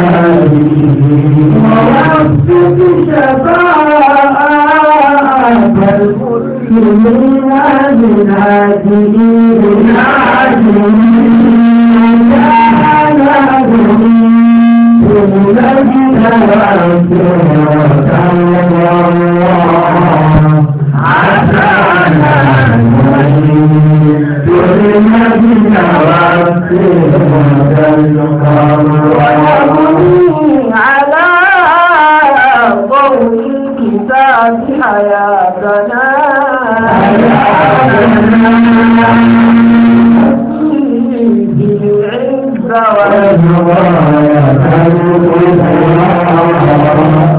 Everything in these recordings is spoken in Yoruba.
ويغفر شفاعة المسلمين بناديه Thank you. للذين وعدتهم ذلك على ضوء الكتاب حياتنا بالعز والنظر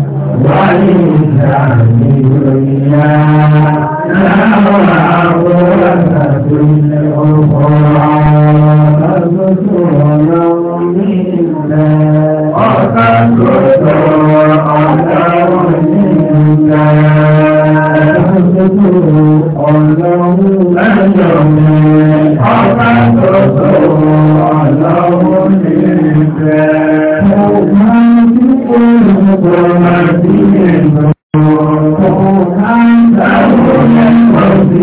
Ọ̀pá tó tó ọ̀lọ́wọ́ ní ìfẹ́.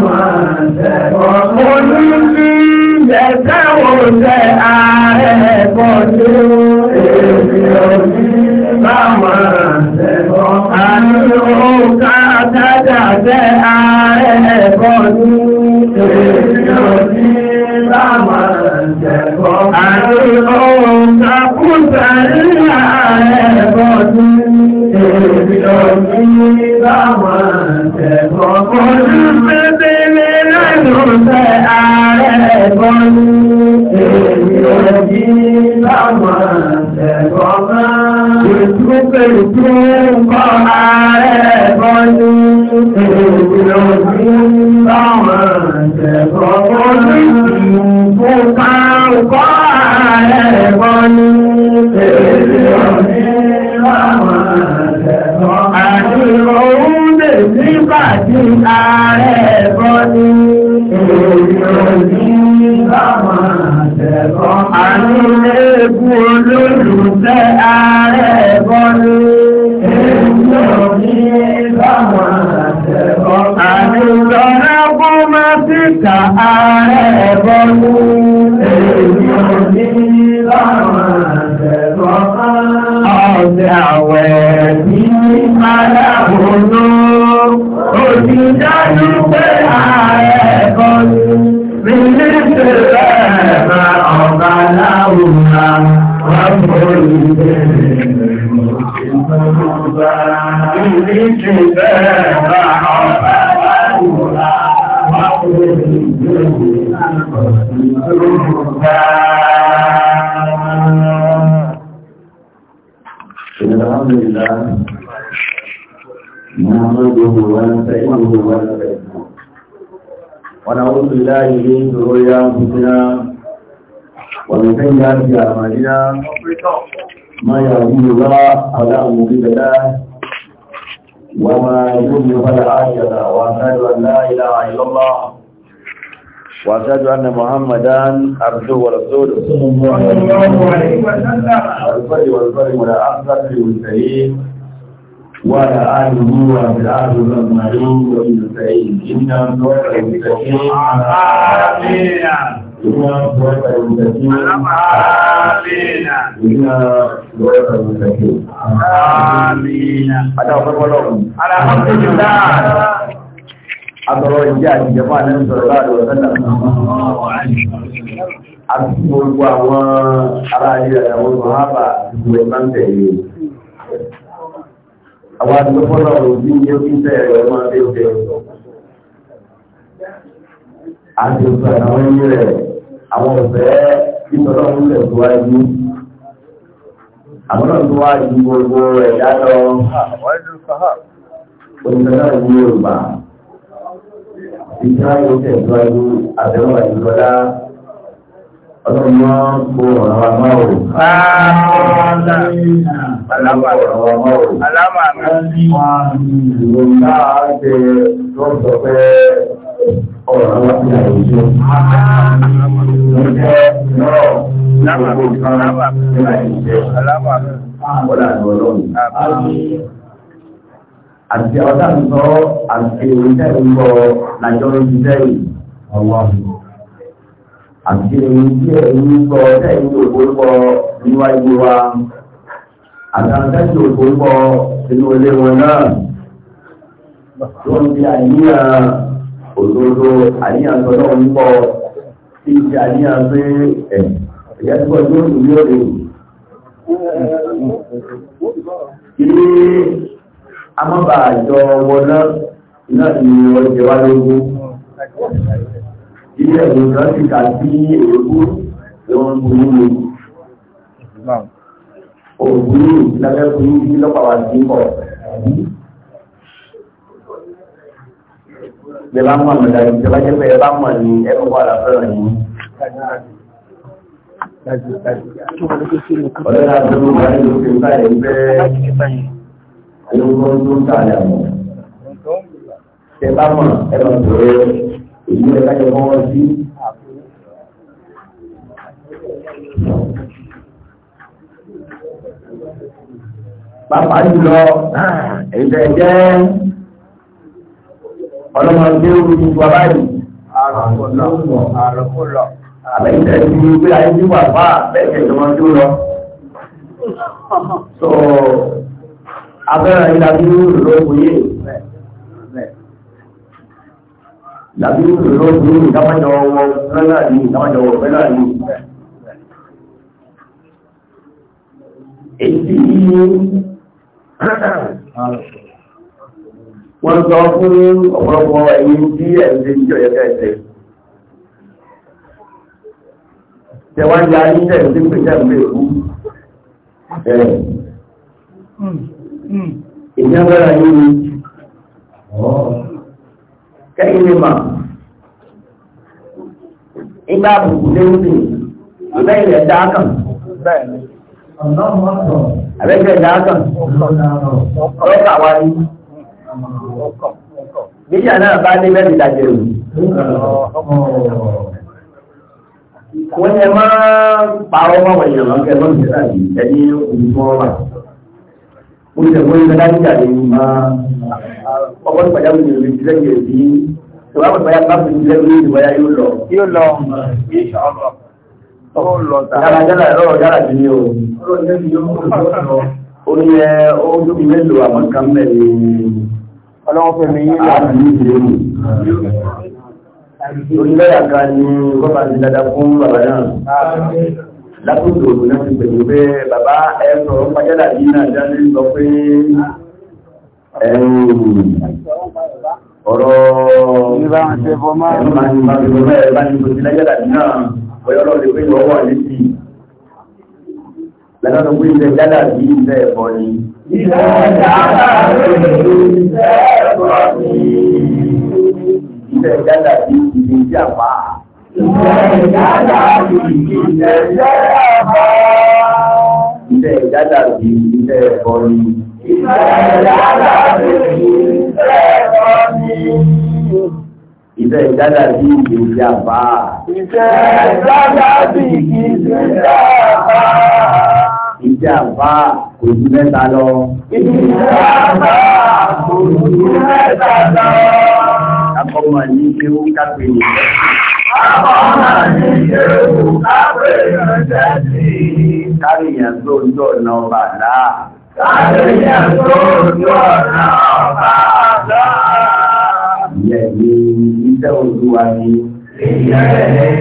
Mo ní bí ẹ̀kẹ́ òṣè ààrẹ pọ̀ tó èmi òní báwọn àṣẹ̀kọ́. Àní òǹkà àtàjàṣẹ́ ààrẹ pọ̀ tó èmi òní báwọn àṣẹ̀kọ́. Àní òǹkà kúta ní ààrẹ pọ̀ tó èmi òní báwọn àṣẹ̀kọ́. Mo ní bí fẹ́ ààrẹ bọ́ ní èyí òjì láwọn ẹ̀gbọ́n máa. Ètú pẹ̀lú tí ń kọ́ ààrẹ bọ́ ní èyí òjì láwọn ẹ̀gbọ́n máa. Oríṣi fún káńkọ́ ààrẹ bọ́ ní èyí òjì láwọn ẹ̀gbọ́n máa. Àti òun lè nígbà tí ààrẹ bọ́ ní. ààrẹ bọ́ ní èyí ò ní báwọn àtẹ̀kọ́. Àjùlọ náà kó máa sí ka ààrẹ bọ́ ní èyí ò ní báwọn àtẹ̀kọ́. Ọ̀sẹ̀ àwẹ̀ bí máa dáhùn náà. الحمد لله نحمده ونستعينه ونستغفره ونعوذ بالله من شرور انفسنا ومن سيئات أعمالنا ما يهدي الله فلا مضل الله وما يضلل فلا هادي له وأشهد أن لا إله إلا الله وأشهد أن محمدا عبده ورسوله صلى الله عليه وسلم الفرد والفرد ولا أكثر في المرسلين وعلى آله وأصحابه وفي وبالمرسلين إنا نتوفى المتقين آمين إنا صراط المستقيم آمين إنا صراط المستقيم آمين هذا هو قولهم الحمد لله Àtọ̀rọ̀ ìjẹ́ àjíjẹmọ́ àlẹ́mù sọ̀rọ̀ láàrin ọ̀sẹ́lẹ̀. Àti gbogbo àwọn ará ayé àwọn ọmọ gbogbo ẹ̀mọ́ ń tẹ̀lé. Àwọn àtọ́fọ́lọ̀ òbí ní ó kí tẹ̀rẹ̀ ọmọ tẹ̀lé. Àti rẹ̀ àwọn ọ̀fẹ́ ìtọ́lọ́ ń lè tó wáyé àwọn náà tó wáyé gbogbo ẹ̀dá lọ onígbàdá ìlú Yorùbá ìjọba yóò tẹ̀ tó wáyé àbẹ̀wò àìsọ́lá ọlọ́mọ mọ́ o. ọ̀rọ̀ wa mọ́ o. Alámà mi. Wọ́n á ń lò ó náà ṣe ọ̀rọ̀ aláfíà ìjọ. Ìjọ náà lábàbí kan nígbà ìjẹ. Àbọ̀dà ìrọ̀lọ́run. Àti ọ̀dà ń sọ àti ìrìnsẹ̀ ń bọ̀ lájọ́ ìṣiṣẹ́ yìí. Àti èyí tí ẹ̀yìn ń sọ sẹ́yìn òkúrúkọ níwájú wa. Àtàwọn sẹ́yìn òkúrúkọ inú ilé wọn náà. Wọ́n ti àìníyàn òdodo àníyàn tó náà ń bọ̀ sí ti àníyàn pé ẹ̀ ẹ̀yà tó bọ̀ tó ń rí òde. Ilé amábà àjọ wọná iná ni wọ́n jẹ wá lógún. Ilé ẹ̀gbọ́n kan ti kà sí èébú tí wọ́n ń burú mi. Òbúrú ìlànà burú bí lọ́pàá wa ti ń bẹ́ẹ̀ bá mọ̀ nígbà tí ìjọba jẹ́ pé ẹ bá mọ̀ ní ẹ̀rọ wà láfẹ́ràn yìí. ọ̀rẹ́ náà tó wà ní oṣù báyìí bẹ́ẹ̀ ẹ̀rọ tó ń tààlà Bàbá jùlọ, ẹ̀jẹ̀ jẹ́ ọlọ́mọ gbé orí gbogbo abáyìí. àrùnkùnlọ àrùnkùnlọ. àbẹ̀yìntẹ̀ ti gbé ayé tí wà fà bẹ́ẹ̀ tó wọn tó lọ. so abẹ́rẹ́ yìí làbí rúrù lóògùn yìí. làbí rúrù lóògùn yìí kámájọ wọ fẹ́lá yìí kámájọ wọ fẹ́lá yìí. èyí tí wọ́n sọ fún ọ̀pọ̀lọpọ̀ ẹ̀yìn tí ẹ̀sẹ̀ ìjọ ẹ̀kẹ́ ẹ̀sẹ̀ tẹwàjá ayíṣẹ́ ìdíkùnjẹ́ ìgbé ìlú ẹ̀ ìjẹ́bẹ̀rẹ̀ ayé ni kẹ́yìn lè máa ìgbà àbùkù lẹ́yìn ìgbà ilẹ̀ dáákan àbẹ́kẹ̀ dáákan ọlọ́kà wáyé Níjà náà bá ní mẹ́rin ìdájẹ́ òní. Wọ́n yẹ máa pààrọ̀ máwọn èèyàn lọ́kẹ́ lọ́nà ìdájí ẹni olùkọ́ wà. Ó ṣe fún ìgbẹ́dá níjà lè máa ọkọ̀ nípa jáwé ìrìn ìrìn ìrìn ìrìn ìrìn ìwà pẹ̀lú ya bá fi ìrìn ìrìn ìwà yóò lọ. Yóò lọ. Yóò lọ. Yàrá yàrá lọ́rọ̀ yàrá jù ní o. Ó ní ẹ ó dúkìá mélòó àwọn kan mẹ́rin ọlọ́wọ́ fẹ̀mí yìí náà onílẹ́yà kan ní bọ́bá ti dada fún bàbá náà látòdò náà ti pẹ̀lú pé bàbá ẹ̀sọ̀ pàjádà yìí náà jáde ń sọ pé ọ̀rọ̀ ìbánisẹ̀fọ́ máa ń bá Ìjọ́ ìjàmbá lórí ìfẹ́ ẹ̀kọ́ sí. Ìjọ́ ìjàmbá sí ìdí ìjàmbá. Ìjọ́ ìjàmbá sí ìdí ìjàmbá. ẹ̀kọ́ ni. Ìjọ́ ìjàmbá sí ìdí ẹ̀kọ́ ni ìjà bá òjì mẹ́ta lọ. ìjà bá òjì mẹ́ta lọ. Akọ́mọ tó ń jọ ọ̀nà ọba àdá. ni iṣẹ́ olúwa ni. Ìyẹn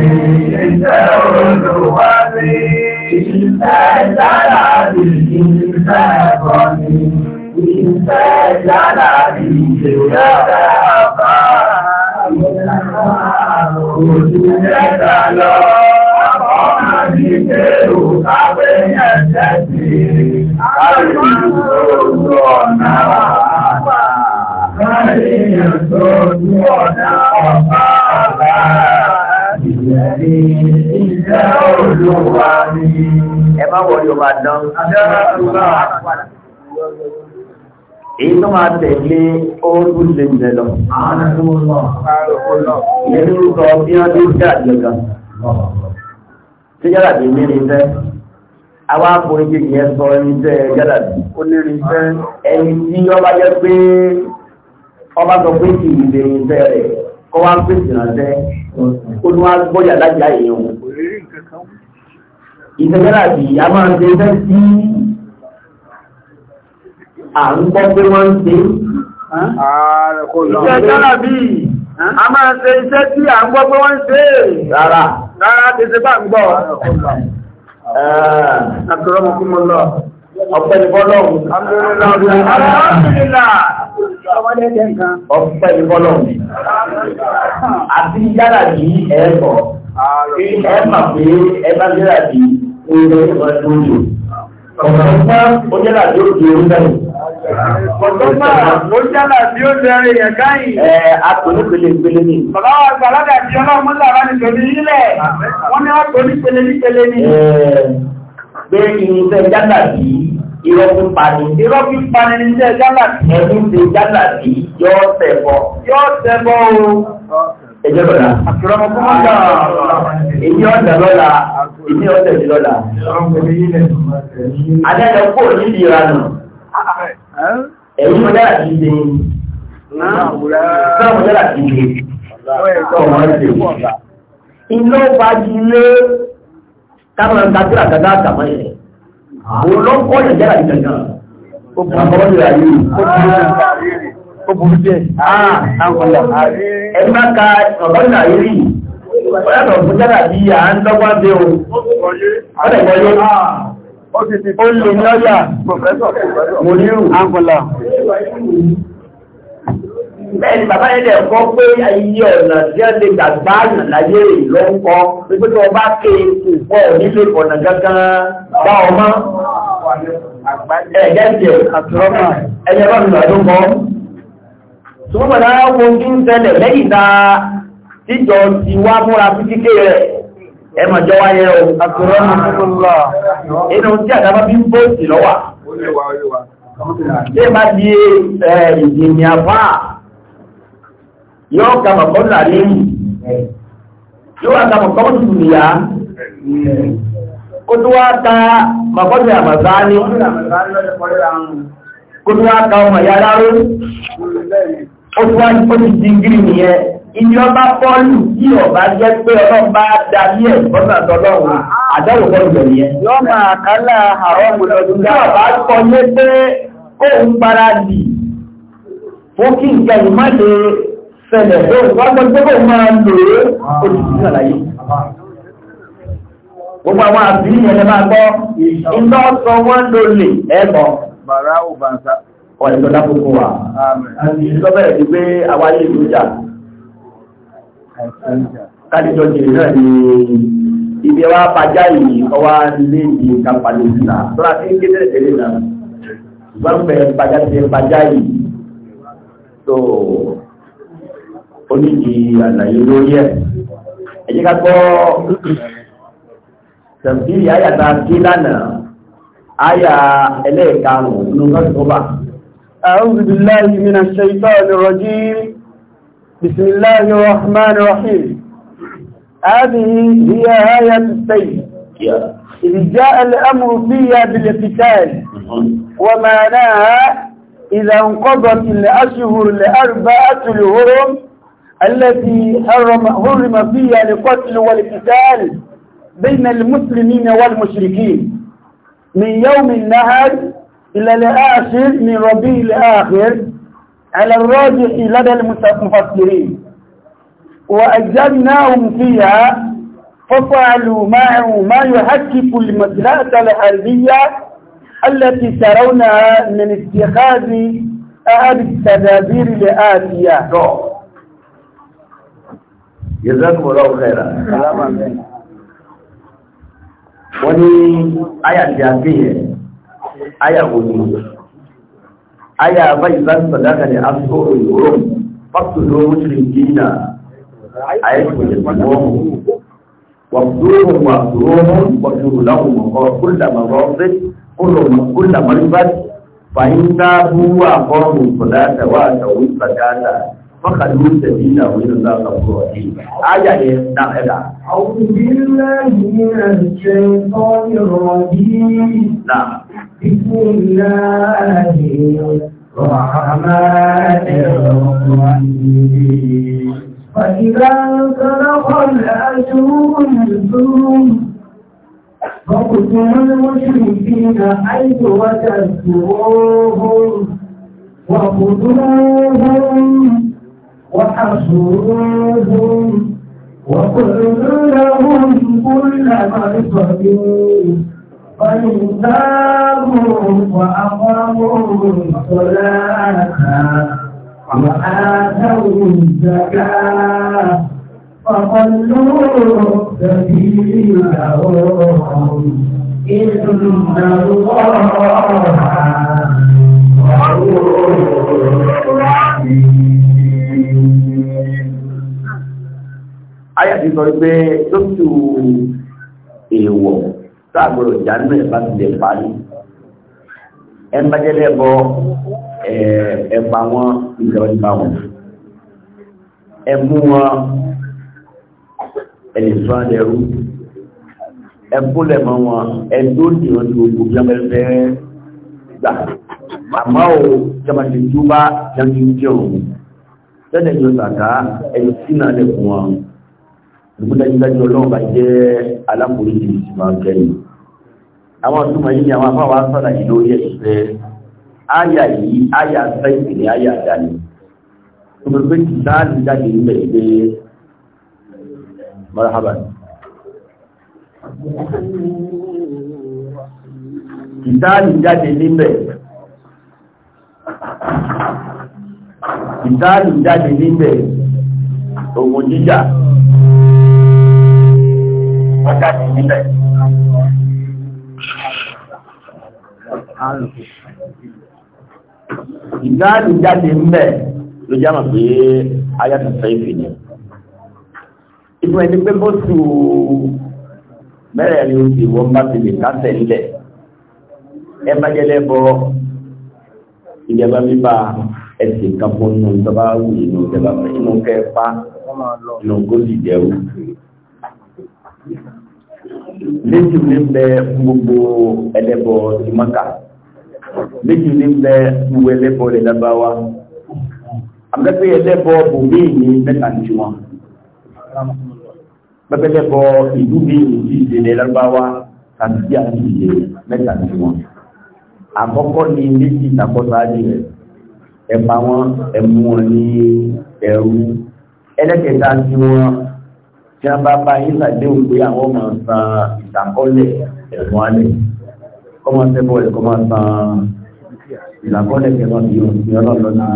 ni iṣẹ́ olúwa ni. Ìfẹ́ dára bí ìfẹ́ kọ́ ni, ìfẹ́ dára bí ìfẹ́ kọ́ Òṣìṣẹ́ta lọ, àwọn máa ní pé ò káwé yẹn jẹ́ sí, a rí ìṣòro ọ̀nà àpá, káàrí ìyẹn tó ní ọ̀nà ọ̀pá àpá. Ìjẹ́ olúwa ni. Ẹ má wọ Yorùbá dán. Èyí tó máa tẹ̀lé oókú lè jẹ lọ. Ìyẹn ló sọ bí wọ́n ló jẹ́ àjọ̀gà. Ṣé jálàbí ní ní fẹ́? Àwọn akùnrin kejì yẹn sọ ẹni jẹ́ jálàbí. Ó ní ní Ẹni tí ọba jẹ́ pé ọba sọ pé kì í lè rẹ̀ kọ́ wá pèsè ránṣẹ́ olúwa gbọ́jà lájà èèyàn ìtẹ́gẹ́lá bí a máa ń tẹ́ sí à ń gbọ́ pé wọ́n ń tẹ́ ìtẹ́gẹ́lá a máa ń tẹ́ iṣẹ́ tí à ń gbọ́ pé wọ́n ń tẹ́ rárá rárá tẹ́ sí bá ń gbọ́ ọ̀pẹ́ni bọ́lọ́hùn ọ̀pẹ́ni bọ́lọ́hùn àti yára bí ẹ̀ẹ́kọ̀ ẹ̀ẹ́mà pé ẹ̀bá yára bí orílẹ̀ ìwọ̀n lójò ọ̀pẹ́pá ó yára bí ó di orílẹ̀ Ọ̀tọ́pá ló jálà bí ó lẹ́rẹ̀ yẹ̀ káyìn. Ẹ àtòní pele pele ni. Bàbá wa gbàládà tí ọlọ́run mọ́lá wá nítorí nílẹ̀. Wọ́n ní àtòní pele ní pele ni pé irunṣẹ́ jálà bí irọ́ pípa ni irọ́ pípa ni irunṣẹ́ jálà bí ẹ̀mí ṣe jálà bí yọ́ tẹ̀bọ̀ yọ́ tẹ̀bọ̀ o ẹjọ́ lọ́la èmi ọ̀dẹ̀ lọ́la èmi ọ̀dẹ̀ mi lọ́la adẹ́lẹ̀ kó níbi ìranù ẹ̀yìn mọ́jára kìí ṣe náà mọ́jára kìí ṣe ọmọ ẹ̀ṣẹ̀ iná bá jí lé káwọn ń gbàdúrà gàdá àtàwọn yẹn òun ló kọ́ yẹn jẹ́ra ìgbẹ̀gàn ó burú díẹ̀ ó burú díẹ̀ ah, ẹ̀mí o ọ̀dẹ̀ gbọ́yé ah, ó bẹ́ẹ̀ni bàbá yẹn dẹ̀ pé iye ọ̀nà tí wọ́n lè gbàgbá àyàn láyé ló ń tó bá ké nílé ọ̀nà bá ọmọ ẹ̀jẹ̀ tiẹ̀ ẹ̀jẹ̀ bá mi lọ tó kọ́. ń tẹ́lẹ̀ lẹ́yìn tá tíjọ ti wá múra rẹ̀ mọ̀ jọ wáyé o. inú tí àdábá bí ń bó sí lọ́wà. ṣé di yóò ka mọ̀kọ́ làrí yìí yóò wá ka mọ̀kọ́ tuntun nìyà kó tó wá ka mọ̀kọ́ tó àmàzá ní kó tó wá ka ọmọ ya láró ó tó wá ní kó ti di gírí nìyẹn ibi ọba pọ́ọ̀lù tí ọba jẹ́ pé ọlọ́ba darí ẹ̀ bọ́sà tọ́lọ́run àdáwò pọ́ọ̀lù bẹ̀rẹ̀ yẹn. yọ́ kálá àwọn ọmọ tí ọba sọ yé pé kóun gbára dì nǹkan ìmọ̀lẹ́ ṣẹlẹ̀ tó wọ́n gbogbo máa ń lò ó olùsílẹ̀ àlàyé. Gbogbo àwọn àbí ìyẹnlẹ̀ máa gbọ́, iná sọ wọ́n ló lè ẹ̀kọ́. Bàrá ò bá ń sá. Ọ̀rẹ́ tó dákòókò wà. Lọ́bẹ̀rẹ̀ ti gbé àwa yìí ló jà. Kádìjọ jèrè náà ni ibi wa bàjá yìí ọwá lé ní kápálẹ̀ ìlà. Tọ́lá ti ń gé tẹ́lẹ̀ tẹ́lẹ̀ náà. Ìgbà ń bẹ̀rẹ̀ bàjá ti bàjá yìí ó ní di àlàyé lórí ẹ̀ ẹ̀jẹ̀ ká gbọ́ tẹ̀síìrì àyàtà kí lánàá àyà ẹlẹ́ẹ̀karùn-ún nínú lọ́sọ̀ọ́bà. أعوذ بالله من الشيطان الرجيم بسم الله الرحمن الرحيم هذه هي آية السيد إذ جاء الأمر فيها بالقتال وما نهى إذا انقضت الأشهر الأربعة الهرم التي حرم, حرم فيها القتل والقتال بين المسلمين والمشركين من يوم النهر إلى الآخر من ربيع الآخر على الراجح لدى المفسرين وأجلناهم فيها ففعلوا معه ما يحقق المصلحة الحربية التي ترونها من اتخاذ أهل التدابير الآتية jazakum Allahu khairan wọ́n ní àyà tí a fi yẹ àyà kò ní àyà báyìí bá sọ̀dáka ní aṣọ òyìnbó fásitì lówó ṣe dínà àyà kò ní wọ́n wàbdúró wàbdúró wàbdúró láwọn mọ̀kọ́ kúlùdàmọ̀ rọ́ọ̀fẹ́ kúlùdàmọ̀ rí bá fàyín dábúwà fọ́ọ̀mù sọ̀dáka wà àtàwọn sọ̀dáka فخلوا سبيلا وإن الله غفور رحيم آية نعم هذا أعوذ بالله من الشيطان الرجيم نعم بسم الله الرحمن الرحيم فإذا انسلخ الأشهر الحلم فاقتلوا المشركين حيث وجدتموهم وخذوهم وحشرهم وقلنا لهم كل مرصد فإنتاهم وأقاموا الصلاة وآتوا الزكاة فضلوا سبيلهم إن الله غفور رحيم ayé ti sọ pé lóṣù èèwọ̀ sáàgbọ̀rọ̀ ìjánú ẹ̀ bá ti lè parí ẹ ń bájẹ́ lẹ́bọ ẹ̀fà wọn ìjọba ìgbà wọn ẹ mú wọn ẹ̀lẹ̀ sọ ẹ̀rú ẹ bólẹ̀ mọ́ wọn ẹ tó dì wọn tó gbogbo bí gbà àmọ́ ò jọba ti túbá jẹun jẹun tẹ́lẹ̀ yóò tàkà ẹ̀yìn sínú alẹ́ wọn dùkú dájúdájú ọlọ́run bá jẹ́ alákòóríjì tí máa ń kẹ́yìn àwọn ọdúnmọ̀ yìí ni àwọn afáwà sọ́nà yìí lórí ẹ̀ṣẹ́ áyà yìí áyà sẹ́yìn ní áyà dání tó bẹ pé kì sáàlì jáde níbẹ̀ pé marhaba kì sáàlì jáde níbẹ̀ kì sáàlì jáde níbẹ̀ ògùn jíjà ọjà sí níbẹ̀. Ìdáàdì jáde ńbẹ̀ ló já mọ̀ pé ayátọ̀sọ ìfì ni. Ìfún ẹni pé bóṣù mẹ́rẹ̀ẹ̀rin oṣù ìwọ̀n bá ti lè kásẹ̀ ńlẹ̀. Ẹ bá jẹ́ lẹ́bọ ìjọba bíbá ẹ̀sìn kan fún inú ìjọba wù inú ìjọba inú kẹfà inú kó sì jẹ́ òkú méjì ní bẹ gbogbo ẹlẹ́bọ ti Mákà méjì ní bẹ gbogbo ẹlẹ́bọ rẹ̀ dábáwá àgbẹ̀pẹ̀ ẹlẹ́bọ bòmíì ní mẹ́ta ní tiwọn pẹ́pẹ́lẹ́bọ ìlú mi ìdí ìdílé lárúbáwá tàbí àti ìdílé mẹ́ta ní tiwọn àkọ́kọ́ ni méjì ìtàkọ́sọ ájì rẹ̀ ẹ̀pà wọn ẹ̀mú wọn ní ẹ̀rú ẹlẹ́kẹta wọn tí a bá bá yín sàdéhùn pé àwọn ọmọ san ìtàkọ́lẹ̀ ẹ̀wọ̀n alẹ̀ kọ́mọ sẹ́bọ̀ rẹ̀ kọ́mọ san ìtàkọ́lẹ̀ ẹ̀wọ̀n yìí òsì ọlọ́lọ́ náà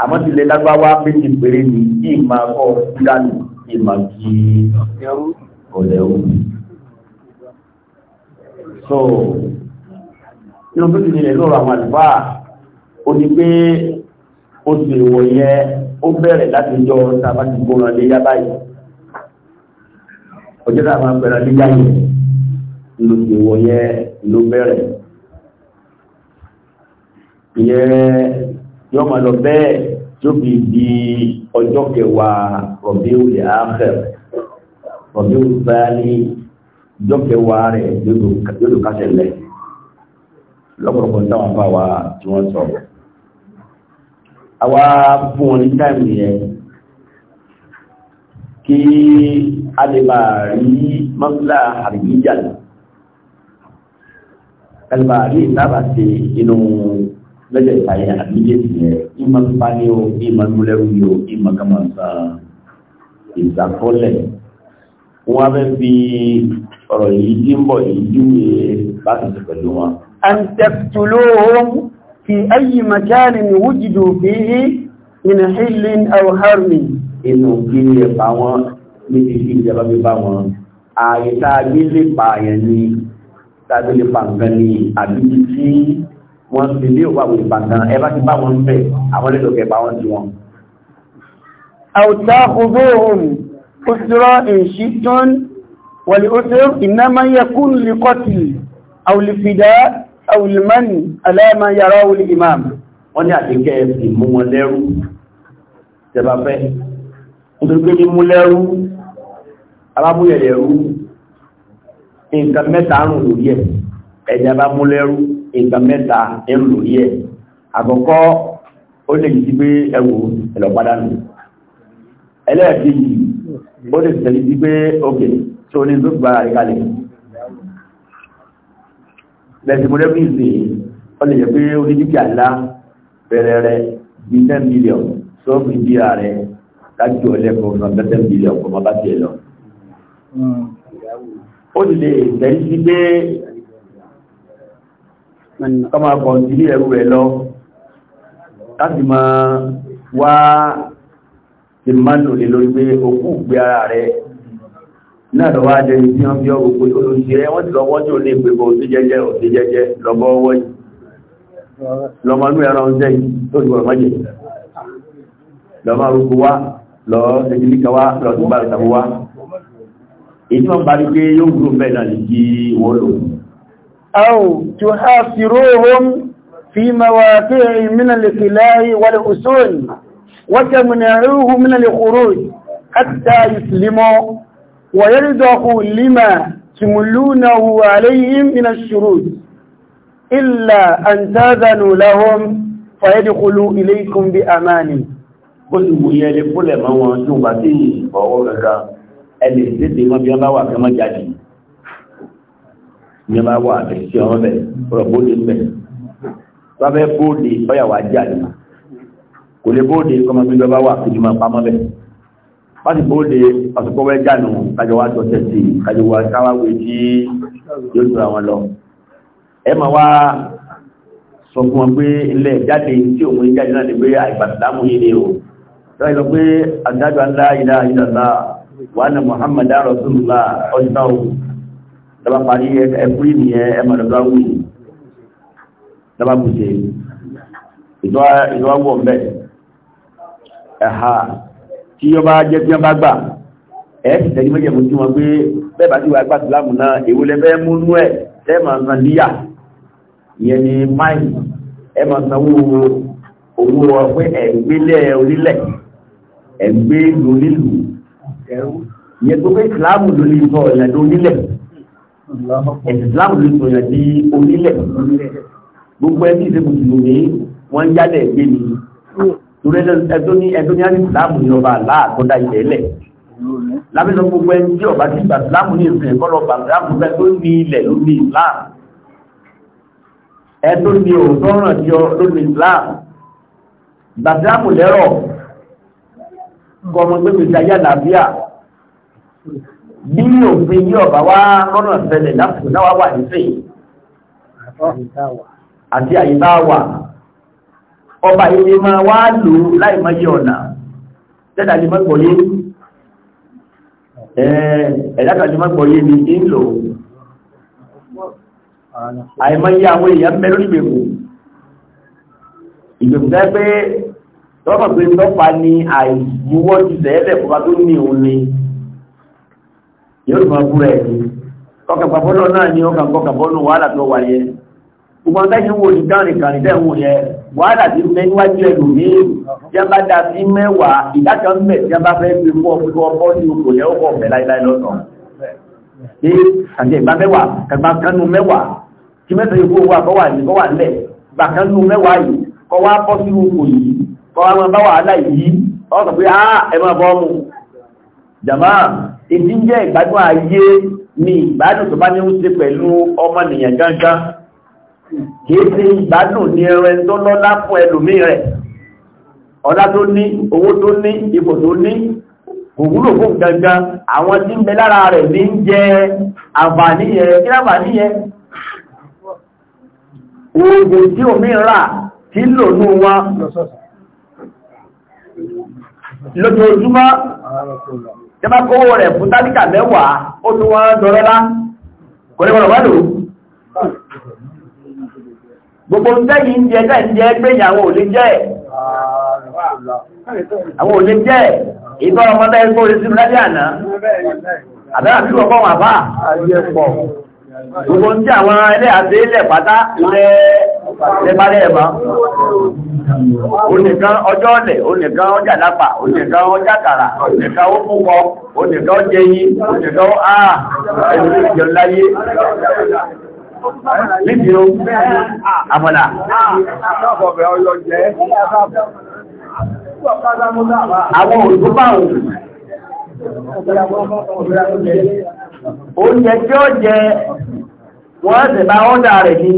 àmọ́ ti lè lágbáwá méjì péré ni kí ìmọ̀ akọ́ dánù kí ìmọ̀ kí ọ̀lẹ̀ òun. so inú tó ti nílẹ̀ lọ́rọ̀ àwọn àlùfáà ó ní pé oṣù ìwọ̀ yẹn ó bẹ̀rẹ̀ láti jọ tá a bá ti gbóran lé yá báyìí ọjọ́ náà máa ń bẹ̀rẹ̀ nígbà yẹn ló ti wọ yẹn ló bẹ̀rẹ̀ ìyẹn yọ máa lọ bẹ́ẹ̀ tó fi di ọjọ́ kẹwàá Rabiul Akhir Rabiul Thani ọjọ́ kẹwàá rẹ̀ yóò kásẹ̀ lẹ̀ lọ́pọ̀lọpọ̀ táwọn bá wa tí wọ́n sọ̀rọ̀ àwa fún wọn ní táìmù yẹn kí alìbà rí mọ́sílá àríyíjà alìbà rí ìtàbà sí inú lọ́jọ́ ìtàyẹ àríyíjì rẹ̀ ìmọ̀ pípa ní o ìmọ̀ múlẹ́rú ní o ìmọ̀ kama san ìzàkọ́lẹ̀ wọ́n fẹ́ fi ọ̀rọ̀ yìí níbi tí ìjọba bí bá wọn ààyè tá a gbé lè pa àyàn ni tá a gbé lè pa nǹkan ni àbíbi tí wọ́n ti lé òwò àwọn ìbàdàn ẹ bá ti bá wọn bẹ̀ àwọn lè lọ́kẹ̀ bá wọn ti wọn. àwùjá ọgbọ́ ohun òṣìṣẹ́ ìṣí tún wàlẹ̀ òṣìṣẹ́ ìnáma yẹ kún lè kọ́tì àwùlìfìdá àwùlìmánì aláàmà yàrá òwùlì imam wọ́n ní àdíkẹ́ ìmú wọn lẹ́rú tẹ́bàfẹ́ nítorí pé mímú lẹ́rú abámúyẹ̀lẹ̀ rú nǹkan mẹ́ta ń lórí ẹ̀ ẹ̀dẹ̀ abámúlẹ́rú nǹkan mẹ́ta ń lórí ẹ̀ àkọ́kọ́ ó lè jí pé ẹwò ẹ̀lọ́padà nù ẹlẹ́ẹ̀kejì ó lè tẹ̀lé jí pé òkè tó ní tó gbára rẹ̀ kalẹ̀ lẹ́sìmọ́lẹ́ fún ìsìn ó lè jẹ́ pé onídìkì ó sì lè bẹ̀rí sí pé ọmọ ọkọ̀ ìdílé ẹrù rẹ̀ lọ láti ma wá ìmánù lè lórí pé òkú gbé ara rẹ̀ náà lọ́wọ́ ajẹ́ ní tí wọ́n fi ọgbogbo olóṣèré wọ́n ti lọ́wọ́ tí ó lè pẹ̀bọ̀ òsí jẹ́jẹ́ òsí jẹ́jẹ́ lọ́bọ́ ọwọ́ yìí lọ́mọlú ẹran oúnjẹ yìí tó ti wọ̀n mọ́jẹ̀ lọ́mọ èyí wọ́n parí pé yóò gúrò bẹ́ẹ̀ náà lè kí wọ́n lò. Aw tuhasiruhum fi mawaqi'i min al-khilai wal-usul wa tamna'uhu min al-khuruj hatta yuslimu wa yardahu lima tumlunahu alayhim min ash-shurut illa an tadhanu lahum fa yadkhulu ilaykum bi amani. Bó ti wùyẹ́ lè fúlẹ̀ mọ́ wọn tó bá sí ìfọwọ́ kankan ẹni tètè wọn bí wọn bá wà kí wọn jáde ní wọn bá wà àtẹ̀sí ọmọ bẹ ọ̀rọ̀ bóde ń bẹ wọn bẹ bóde ọyà wà jáde kò lè bóde kọ́mọ bí wọn bá wà kí wọn pamọ́ bẹ wọn ti bóde ọ̀sọ̀kọ́ wẹ́ jáde kájọ wá tọ́ tẹ̀sí kájọ wá káwáwé tí yóò tura wọn lọ ẹ máa wá sọ fún wọn pé ilé jáde tí òun jáde náà ni pé àìbàdàmú yìí ni o lọ́yìn lọ pé àdájọ́ ńlá ìlà ìlànà wàhánà muhammad rasulullah ọjọ́ òun lọ́ba parí ẹkú ìnìyẹn ẹmọ lọ́ba wù ní lọ́ba bù ṣe ìdọ́wọ́ mbẹ́ ẹ̀ha tí yọba jẹ́ tí wọ́n bá gbà ẹ̀ sì tẹ́jú méjì mú tí wọ́n pé bẹ́ẹ̀ bá ti wà gbà sílámù náà èwo lẹ fẹ́ mú nú ẹ̀ ẹ̀ máa san díyà ìyẹn ni máìlì ẹ̀ máa sanwó owó ọ̀pẹ́ ẹ̀gbélẹ̀ onílẹ̀ ẹ̀gbé lónílùú ìyẹn tó pé ìsìláàmù ló lè sọ ìyẹn tó nílẹ̀ ìsìláàmù ló sọ ìyẹn tí onílẹ̀ gbogbo ẹbí ìsèkù tìlùmí wọ́n ń jálẹ̀ gbé mi torí ẹjọ́ ní ẹjọ́ ní àti ìsìláàmù ní ọba aláàkọ́dá ilẹ̀ lẹ̀ lábẹ́sọ gbogbo ẹni tí ọba ti gbà ìsìláàmù ní ìsìn ẹ̀kọ́ lọ gbà ìsìláàmù fẹ́ tó ní ilẹ̀ ló ní ìsìláàmù ẹ tó ní òótọ́ ràn tí ló ní ìsìláàmù gbà ìsìláàmù kọ ọmọ gbẹ́gbẹ́ ìdájá làbíà bí òfin yí ọ̀bá wá rọ́nà ṣẹlẹ̀ lásìkò náà wà nífẹ̀ àti àyíká wà ọba ilé máa wá lò láì máa yí ọ̀nà tẹ́lá lè mọ́ gbọ́yé ẹ̀dá kan lè mọ́ gbọ́yé ni ń lò àìmọ́ yí àwọn èèyàn mẹ́lórí ìgbèkùn ìgbèkùn tẹ́ pé lọ́kàn pé tọ́pa ni àìyíwọ́ ti sẹ́ẹ̀lẹ̀ fọba tó ní òun ni yóò tún ọkùn rẹ̀ ní ọkàn pàbọ́nà náà ni ọkàn kọkàn bọ́nù wàhálà tó wà yẹ gbogbo ọ̀tẹ́jú wo ní dáhùn kan ní tẹ́wọ̀n yẹ wàhálà ti mẹ́ níwájú ẹlò ní jẹba dá sí mẹ́wàá ìdájọ́ mẹ́ jẹba fẹ́ fi fún ọkùn ọkọ̀ ní okò yẹ ọkọ̀ ọ̀fẹ́ láíláí lọ́sọ̀ ní àjẹ́ ìgbà mẹ́wàá kàgbà kanú mẹ́wàá tí mẹ́sàn-án yóò wà kọ́ wà ní kọ́ wà lẹ̀ gbà kanú mẹ́wàá yìí kọ́ wá bọ́ sínú okò yìí kọ́wàá bá wàhálà yìí ọ́sọ̀ pé á ẹmọ bọ́ọ̀mù jàmá ìdí jẹ́ ìgbádùn ayé ni ìgbádùn tó bá ní ó ṣe pẹ̀lú ọmọnìyàn gángan kìí ṣe ìgbádùn ní ẹrẹ tó lọ́lá fún ẹlòmí rẹ̀ ọlá tó ní owó tó ní ipò tó ní kò wúlò fún gangan àwọn tí ń bẹ lára rẹ̀ ní ń jẹ àǹfààní kí lò ní wọn lójoojúmọ́ tẹ́bá kówó rẹ̀ fún tálíkà mẹ́wàá ó tún wọ́n dọ́rọ́lá kò ní wọ́n wọ́n gbogbo tẹ́yìn ń jẹ tẹ́ ń jẹ pé àwọn ò lè jẹ́ àwọn ò lè jẹ́ ìtọ́ ọmọdé ẹgbẹ́ orí sínú lẹ́dí àná àbẹ́rẹ́ àbí wọ́n fọ́wọ́n àbá lẹ́bàlẹ́ ẹ̀mà onìkan ọjọ́ ọ̀lẹ̀ onìkan ọjà lápà onìkan ọjà kàrà onìkan ó púpọ̀ onìkan ó jẹyìn onìkan ó áà ẹni ìjọ láyé níbi o àmọ̀là àwọn òṣùpá òun oúnjẹ tí ó jẹ wọ́n ẹ̀sẹ̀ bá ọ́dà rẹ̀ ní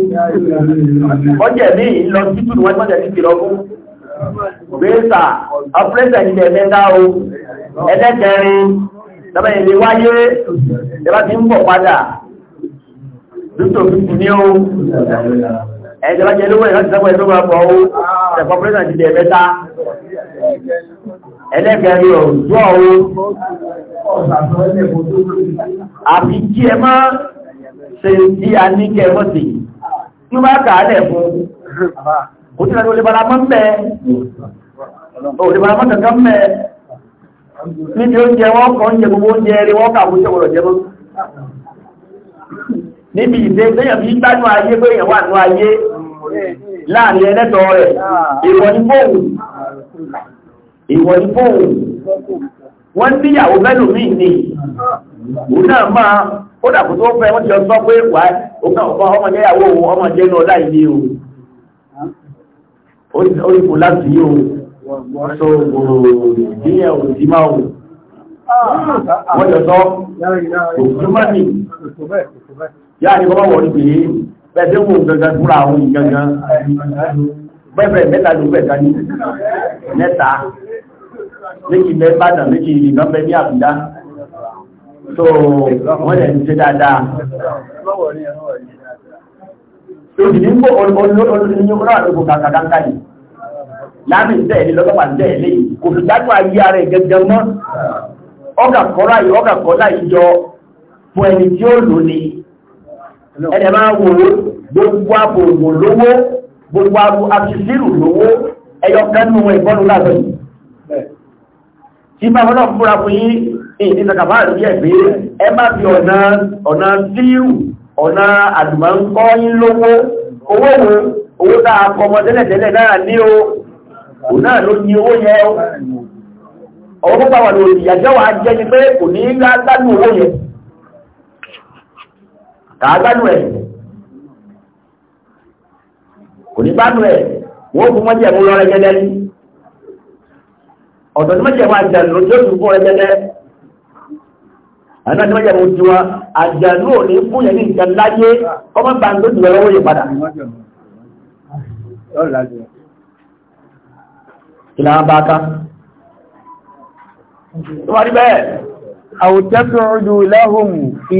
ọjẹ́ ní ìlọ títù wọ́n tọ́jẹ̀ títì lọ fún gbéṣà ọ̀pẹ́sẹ̀ ní ẹ̀mẹ́ta o ẹlẹ́kẹrin lọ́bẹ̀ ilé wáyé ìjọba ti ń bọ̀ padà dútò fífù ní o ẹ̀jọba jẹ́ lówó ìrántí sọ́pọ̀ ìlú ọ̀pọ̀ o ẹ̀pọ̀ pẹ́sẹ̀ ní ẹ̀mẹ́ta ẹlẹ́gẹ̀ẹ́rẹ́ ọ̀dọ́ o àbí kí ẹ máa ṣe tí a ní kẹ mọ́sí tí ó bá kààlẹ̀ fún kò tí láti olébára mọ́ mẹ́ olébára mọ́ kankan mẹ́ níbi oúnjẹ wọ́n kọ́ oúnjẹ gbogbo oúnjẹ rí wọ́n kà fún ṣọ́wọ́rọ̀ jẹ́ níbi ìdé lẹ́yìn fi gbánú ayé pé èèyàn wà ní ayé láàrin ẹlẹ́tọ̀ rẹ̀ ìwọ̀n ní fóòwù ó dàbò tó fẹ́ wọ́n ti sọ pé wà òkà ọ̀pọ̀ ọmọ jẹ́yàwó òun ọmọ jẹ́ inú ọlá ìní o ó ipò láti yí o sọ gbòòrò ìdíyẹ ò sí máa o wọ́n jọ sọ òjúmọ́ ni yá ni wọ́n wọ̀ ní pé bẹ́ẹ̀ tí ó wù gangan fúnra àwọn ìgangan bẹ́ẹ̀ mẹ́ta ló bẹ̀ta ní mẹ́ta méjì mẹ́ta méjì ìgbàmbẹ́ ní àbúdá tó wọ́n yẹ̀ ń ṣe dáadáa. Òjìdí ń kó olóòrùn àdókò kàkàkàkà yìí. Láàmì ń tẹ̀lé lọ́lọ́pàá ń tẹ̀lé yìí. Kò fi dájú ayé ara ẹ̀ gẹ́gẹ́ mọ́. Ọgà kọ́lá yìí, ọgà kọ́lá yìí jọ fún ẹni tí ó lò ní. Ẹni máa wò ó gbogbo àbòrò lówó, gbogbo àbò àbìsírù lówó, ẹyọ kánú ìbọ́nù lábẹ́ yìí. Tí bá wọn fúra fún yìí, èyí ìtàkàbá àríyẹ̀ pé ẹ má fi ọ̀nà síríù ọ̀nà àdùmọ̀ ń kọ́ yín lówó owó wo owó táa kọmọ tẹ́lẹ̀tẹ́lẹ̀ náà ní o kò náà ló ní owó yẹ ọwọ́ púpà wà lórí ìyàjẹ́wà jẹ́ ni pé kò ní gbádùn owó yẹ kàá gbádùn ẹ̀ kò ní gbádùn ẹ̀ wọ́n fún mọ́jẹ̀ mú lọ rẹ̀ gẹ́gẹ́ ní ọ̀dọ̀ tí mọ́jẹ̀ wà jẹ̀ lójú òṣùpọ̀ rẹ̀ gẹ́gẹ́ àti wọ́n jẹ́mú tiwa àjàlú ò ní fún yẹn ní nǹkan láyé ọmọ bá ń tó jùlọ lọ́wọ́ yìí padà. ìlà abáká wọ́n rí bẹ́ẹ̀ àwùjẹ́kùn ojú lẹ́hùn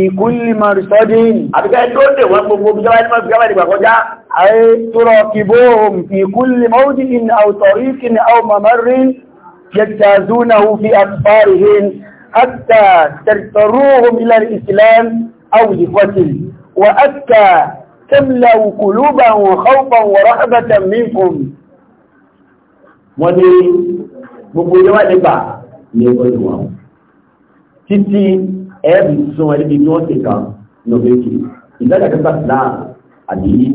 ìkúlì marisọ́dín àbíkẹ́ tó dè wọ́n gbogbo bí jẹ́wàá ìdímọ̀ ìgbàwà ìgbà kọjá ayé tọrọ kìbóhùn ìkúlì mọ́wùdín àwùtọ̀ríkìn àwùmọ̀mọ́rin yẹ حتى ترتروهم إلى الإسلام أو لقتل وأكى تملأ قلوبهم خوفا ورهبة منكم wọ́n ní gbogbo ilé wá nípa ní ọdún wọn títí ẹ̀ẹ́bì sún ẹ̀ẹ́bì tí wọ́n ti kan lọ́gbẹ́kì ìdájàkẹta náà àbí tí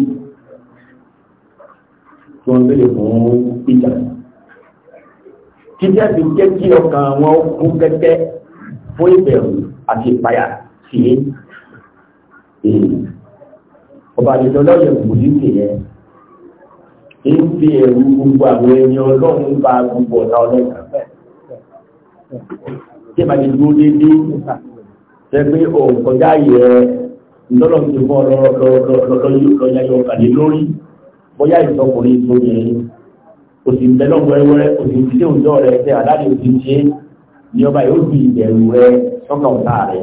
wọ́n bèèrè fún ìjà títí ẹ̀ẹ́bì jẹ́ kí ọkàn wọn kún kẹ́kẹ́ fún ìbẹ̀rù àti ìpayà sí èyí. Ọba àjọjọ lọ́yẹ̀ òbí kìíyẹ. Ń fi ẹ̀rù gbogbo àwọn ẹni ọlọ́run bá gbogbo ọ̀nà ọlọ́run. Tí ìbá ti dúró dédé, ṣe pé òun kọjá yẹ ìdọ́lọ̀ ti bọ́ lọ́yọ̀ kàdé lórí, bóyá ìtọkùnrin tó yẹ. Òsì ń bẹ lọ́gbọ̀ ẹwẹ́rẹ́, òsì ń ti dé òjò rẹ̀ ṣe àdáde òsì ń ṣe é ìjọba yóò fi ìbẹ̀rù rẹ sọ́kà ọ̀tá rẹ.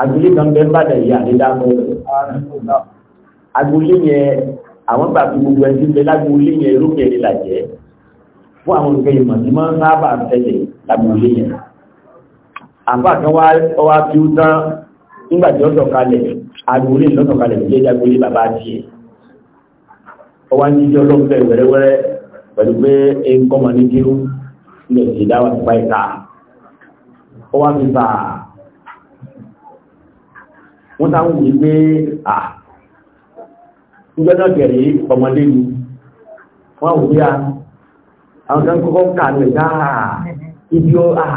agboolé kan bẹ́ẹ̀ bá dẹ̀ yà ní dáhùn. agboolé yẹn àwọn gbà fi gbogbo ẹni bẹ lágboolé yẹn irúgbìn ẹni là jẹ́ fún àwọn nǹkan ìmọ̀ tí máa ń sábà tẹ̀lé lágboolé yẹn. àbá kan wá wá fi ó tán nígbà tí ó sọ̀kalẹ̀ agboolé lọ́sọ̀kalẹ̀ ló jẹ́ agboolé bàbá tiẹ̀. ọwọ́ á ń jíjọ́ lọ́fẹ̀ẹ́ wẹ́rẹ́wẹ́rẹ́ pẹ̀lú pé ẹ̀ńkọ́mọ ní kéwù ilẹ̀ ti dáwà ti pa ìta ó wá fi bà wọ́n táwọn yìí pé à ìjọ́jọ́ kẹrì ọmọdé ni wọ́n wù bí a àwọn kan kọ́kọ́ ń kà ní ìta ibi ó à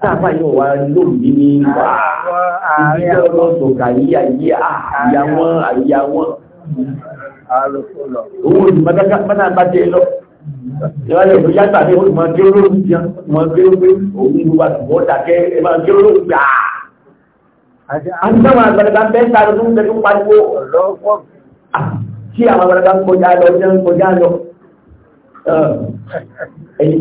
sáàpá yóò wá lóòrùn ní wà ibi ó lọ sọ̀kà yí à ìyá wọn àyíyá wọn owó ìmọ̀tàkà bá ti lọ ìwádìí ìwé yàtà ní oṣù máa kéré lórí jẹ́ máa kéré pé òun ní gbogbo àtùbọ̀ dàkẹ́ ẹ máa kéré lórí gbà. àtúntàwọn àgbàlagbà bẹ́ẹ̀ sáré tó ń tẹ́lú pariwo lọ́wọ́ tí àwọn àgbàlagbà ń kọjá lọ jẹ́ ń kọjá lọ. ẹni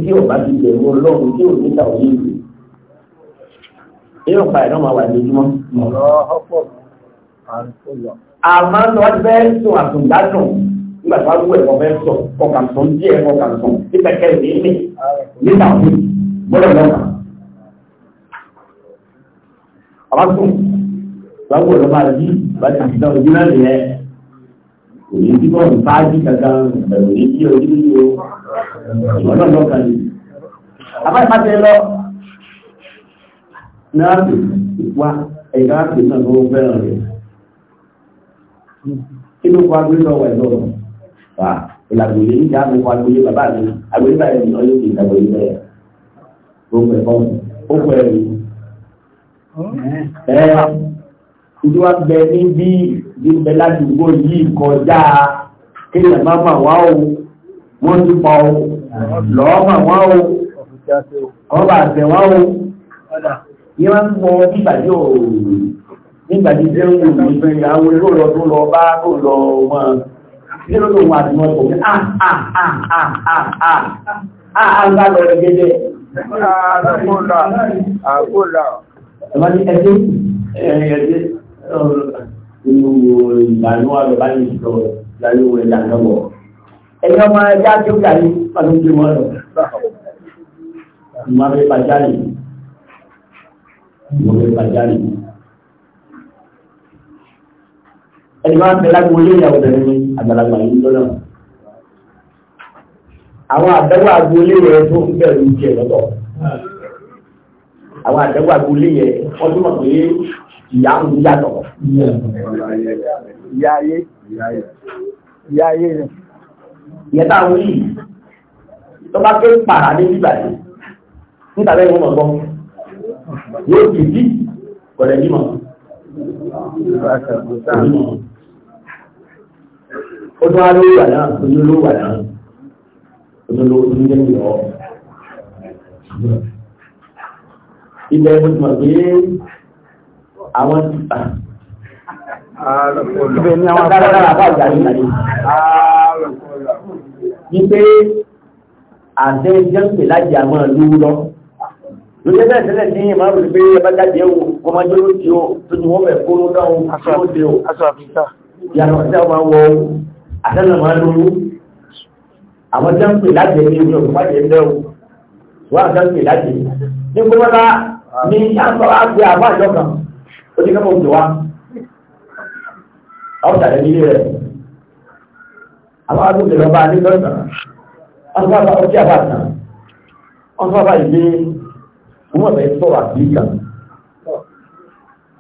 tí nígbà tó wú ẹ̀kọ́ fẹ́ sọ ọkàn sọ díẹ̀ ọkàn sọ nípa kẹrìndé ní nígbà tó gbọ́dọ̀ lọ́kà. ọba tó báwo máa yí bàtà ìdá òbí náà lè yẹ òní tí wọ́n ń bá yí kankan ẹ̀rọ ní kí ojú ní o ìwọ́dọ̀ lọ́kà ni. abáyọ̀pátẹ́ lọ náà tó wá ẹ̀ka àti náà ló fẹ́ràn rẹ̀. Kí ló fa gbé lọ́wọ́ ẹ̀ lọ́rùn? wà ìlàgbòye ní ìyáàmù fún agbóyè bàbá mi agbóyè bàbá mi ọyọ kì í ìlàgbòye bẹ́ẹ̀ gbogbo về gbogbo ẹ̀rí. ẹ không wa bẹ níbí bíbẹ ládùúgbò yìí kọjá đi má mà wá o wọ́n ti pa o lọ́ọ́ mà wá o ọba àtẹ̀ wá o yìí máa ń gbọ́ nígbà tí òòrùn nígbà tí tẹ́lẹ̀ òòrùn ìfẹ́ ìyàwó ló lọ tó lo bá tó lo máa nínú tó wà nínú ọkọ̀ pé ah ah ah ah ah ah ah ah ń ah, bá lọ rẹ̀ gẹ́gẹ́. Àgùlà àgùlà. Ẹ̀ma ní ẹdí ẹ̀ẹ́dí nínú ìlànà àlọ́ bá yìí sọ láyé owó ẹ̀dá náà wọ̀. Ẹ̀yin ọmọ ẹja tí ó gàdí pàtó gbé wọn lọ. Ìmọ̀ abẹ́ bàjá nì. Ìmọ̀ abẹ́ ẹni máa ń fẹ́ lágbo ilé ìyàwó bẹ̀rẹ̀ ní àgbàlagbà yìí lọ́nà àwọn àdẹ́wò àgbo ilé rẹ̀ tó ń bẹ̀rù jẹ lọ́tọ̀ àwọn àdẹ́wò àgbo ilé yẹ wọ́n tún mọ̀ pé ìyá ń yàtọ̀ ìyá ayé ìyá ayé rẹ̀ ìyẹn táwọn yìí tó bá ké pàrà ní bíbà yìí níta lẹ́yìn wọn gbọ́ yóò kìí kọ̀lẹ̀ yìí mọ̀ ó tún wá ló wà náà ojú ló wà náà ojú ló tún jẹ́ ìyọ́. ilẹ̀ mo ti pé àwọn ti pa. ibẹ̀ ni àwọn afárá àbá ìgbà yìí nàlẹ́. ní pé àṣẹ jẹ́ǹpẹ̀ láti àmọ́ lówó lọ. lóye bẹ́ẹ̀ tẹ́lẹ̀ ní ìmọ̀ rẹ̀ pé ẹ jáde ẹ̀wò ọmọdé ló ti o tó ni wọ́n fẹ́ kóró náà ó ti o. aṣọ àfihàn. yàrá ọ̀sẹ̀ máa wọ àtẹ́lẹ̀ máa lówó àwọn jẹ́ ń pè láti ẹni ìwé òkúpàdé ń bẹ́ẹ̀ wọ́n àjọ ń pè láti ní gbọ́mọ́lá ní àtọ́ àgbẹ̀ àwọn àjọ kan ó ti kẹ́kọ̀ọ́ òjò wa àwọn tàbí nílé rẹ̀ àwọn agbóhùn lọ́ba nígbọ̀nsán wọ́n fọ́ bá ọtí àbátan wọ́n fọ́ bá ìgbé wọ́n bẹ̀ sọ̀rọ̀ àbí kan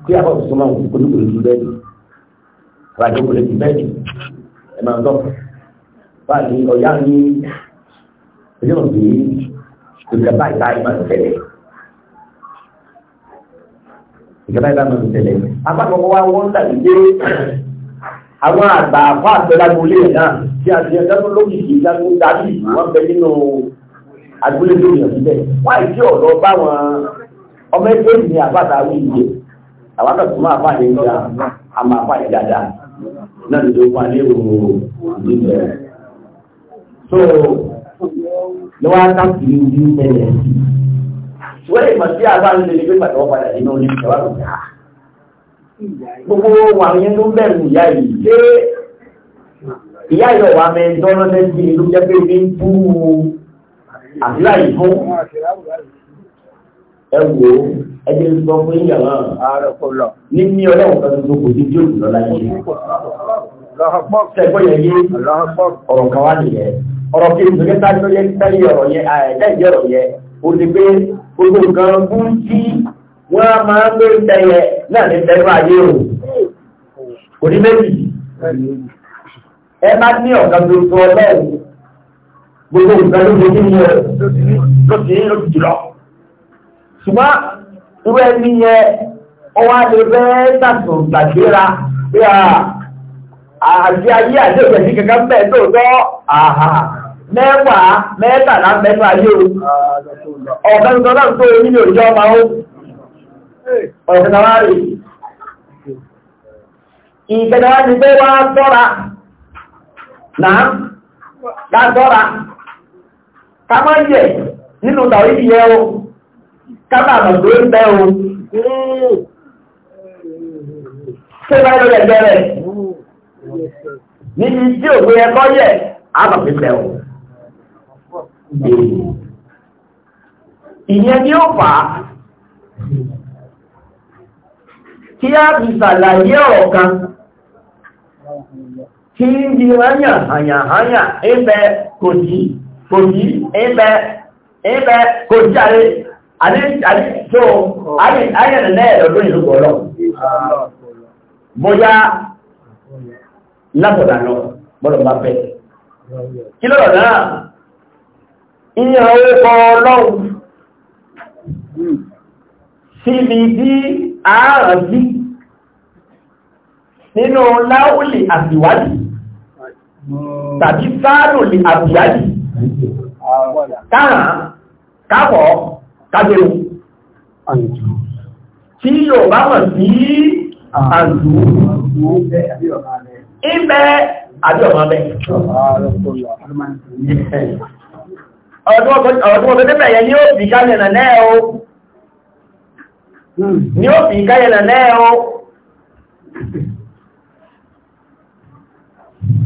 kí àbọ̀ sọ́mọ́ òkú ní kò lè ti bẹ́ẹ̀ máa gbọ́ bá ní ọ̀yá ní ìjọ bí ìjọba ìta ìmọ̀ ìṣẹ̀lẹ̀ ìjọba ìta ìmọ̀ ìṣẹ̀lẹ̀ apákọ̀ọ́kọ́ wa wọ́n dàbí pé àwọn àgbà àpá àgbẹ̀lágbólé náà tí a ti ẹgbẹ́ tó lókìkì ìjágbó dábì wọ́n bẹ nínú agbólé tó yàn síbẹ̀ wọ́n àìsí ọ̀dọ́ báwọn ọmọ ẹgbẹ́ ìní àpáta wíìlì àwọn akẹ́kọ̀ọ́ máa fà ní ìjọba àmà láti tó wà ní òwò níbẹ̀. So, lọ́wọ́ káàkiri ní ìṣẹ̀lẹ̀. Ṣùgbọ́n ìgbà tí a bá ń lè gbé pàtàkì padà nínú ní ìṣẹ̀wà ló dá. Gbogbo wà ní ló bẹ̀rù ìyá yìí pé ìyá yọ̀ wà mẹ́ dọ́rọ́dẹ́ sí ìlú jẹ́ pé ní bú àdúrà yìí fún ẹ wò ó ẹ jẹ́ sọ fún ìyàwó ààrẹ kò lọ ní ní ọlọ́run kan tuntun kò sí jóòtù lọ́la yìí ṣẹ̀gbọ́n yẹn yé ọ̀rọ̀ kan wá nìyẹn ọ̀rọ̀ kí n sọ̀kẹ́ta tó yẹ sẹ́yìn ọ̀rọ̀ yẹn àìdáìjẹ́ ọ̀rọ̀ yẹn ó ti pé gbogbo nǹkan fún tí wọ́n á máa ń gbé tẹ̀yẹ náà ní tẹ̀yẹ ayé o kò ní méjì ẹ bá ní ọ̀kan tuntun ọlọ́run gbogbo nǹkan ló ti ní ló ṣùgbọ́n irú ẹni yẹ ọwọ́ lè fẹ́ tàṣùn gbàgbéra pé àti ayé àti òṣèlú kankan bẹ́ẹ̀ lóòótọ́ àhà mẹ́wàá mẹ́tàlá mẹ́nu ayé o ọ̀gá ń sọ náà tó o nílò ìjọ ọmọ o ọ̀sẹ̀ náà rè ìkẹta wá ti fẹ́ wá tọ́ra náà dá tọ́ra ká má yẹ nínú tàwí ìyẹ́ o sábà mọ̀ pé ń bẹ́ o ṣé bá lọ lẹ́gbẹ́ rẹ̀ níbi tí òpin ẹ̀kọ́ yẹ̀ á mọ̀ pé bẹ́ o. ìyẹn ni ó fà á kí á fi ṣàlàyé ọ̀rọ̀ kan kí ń di hanyà hanyà hanyà ń bẹ kò sí kò sí ń bẹ ń bẹ kò sí àlè ayẹ̀rẹ̀ lẹ́ẹ̀lọ́dún ìlú ọlọ́ bóyá látọ̀dà lọ bọ́lọ̀ bá fẹ́ kí lọ́rọ̀ náà ìyàn orúkọ ọlọ́run síbi bí ààrùn sí nínú láúlì àbíwádìí tàbí sáàrùn lè àbíwádìí káàkọ́ kájẹ̀wò àjò tí yóò bá mọ̀ sí àjò ìbẹ́ àjọ́mọ́bẹ̀ ọdún ọdún bẹ̀rẹ̀ ni ó bí káyẹ̀ nà náà o hmm. ni ó bí káyẹ̀ nà náà o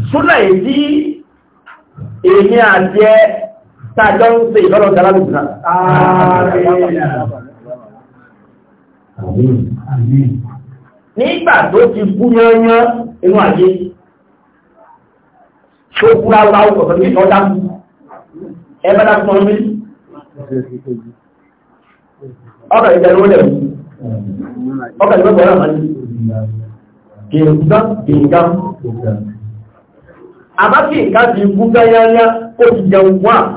súnà èdí èmi àti ẹ tàjọ́ ń ṣe ìlọ́rọ̀ jẹ́ alábìsì náà. Nígbà tó ti kú yányán inú ayé, tó kú láwọ́ ọ̀sọ̀ ní ìtọ́já mú, ẹgbẹ́ láti mọ́ mí. Ọkà ìjẹ́ ló lẹ̀ mú, ọkà ìjẹ́ ló lẹ̀ mú, kìrìkúdá, kìrìkúdá. Àbá kìrìkúdá ti kú yányán ó ti jẹun wà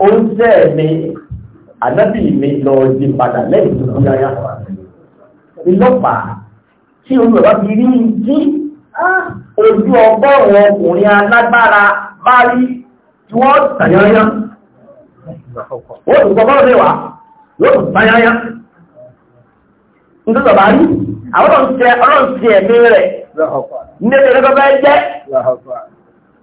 ó ń tẹ́ mi ànábì mi lọ di padà lẹ́yìn tó kúrò ayá ìlọ́pàá tí olùwẹ̀wá fi rí jí ojú ọgọ́rùn-ún ọkùnrin alágbára bá rí tí wọ́n tàyányán wọ́n tún kọ́ bọ́ọ̀lù mẹ́wàá yóò tún tàyányán nítorí bàbá rí àwọn ọ̀rọ̀ ń tẹ ẹ̀mí rẹ̀ nítorí bàbá ẹ jẹ́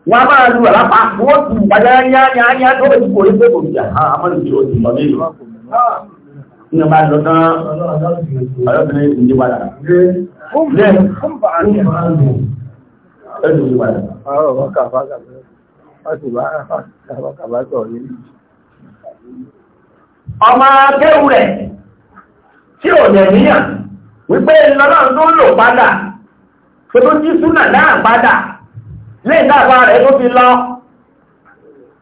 wọ́n máa lu àlápá wọ́n tù yáyáyáyá tó ti kò ní pé kò jà á amọ́lùmí ó ti lọ ní ìlú. Ní ọba lọ tán ọlọ́bìnrin ìdí padà. Ní ẹ̀sùn ìdí padà. Ọ̀rọ̀ kàfá kàfá sọ̀rọ̀ yìí. Ọmọ akẹ́wù rẹ̀ tí ò dẹ̀ níyàn wípé lọ́nà tó lò padà, tó tó jí súnà náà padà lẹ́yìn dáàbá rẹ̀ tó fi lọ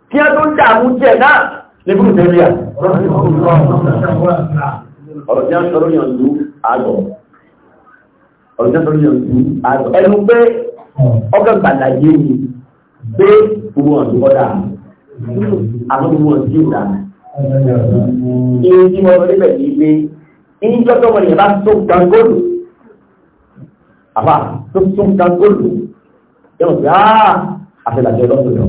kí ẹ tó ń dààmú jẹ náà ní bùrù tẹ́lẹ̀ a ń sọ̀rọ̀ yàn lú àgọ̀ ọ̀rọ̀ tí a ń sọ̀rọ̀ yàn lú àgọ̀ ẹnu pé ọkọ̀ gbàdàgé ni pé gbogbo ọ̀dọ́ ọ̀dà àwọn gbogbo ọ̀dọ́ ìdá ìrìn tí mo lọ níbẹ̀ ní pé ìjọ́ tó wọlé yẹn bá tó gan góòlù àbá tó tó gan yóò gbé áá ah! àfẹ́làjọ lọ́sọ̀rọ̀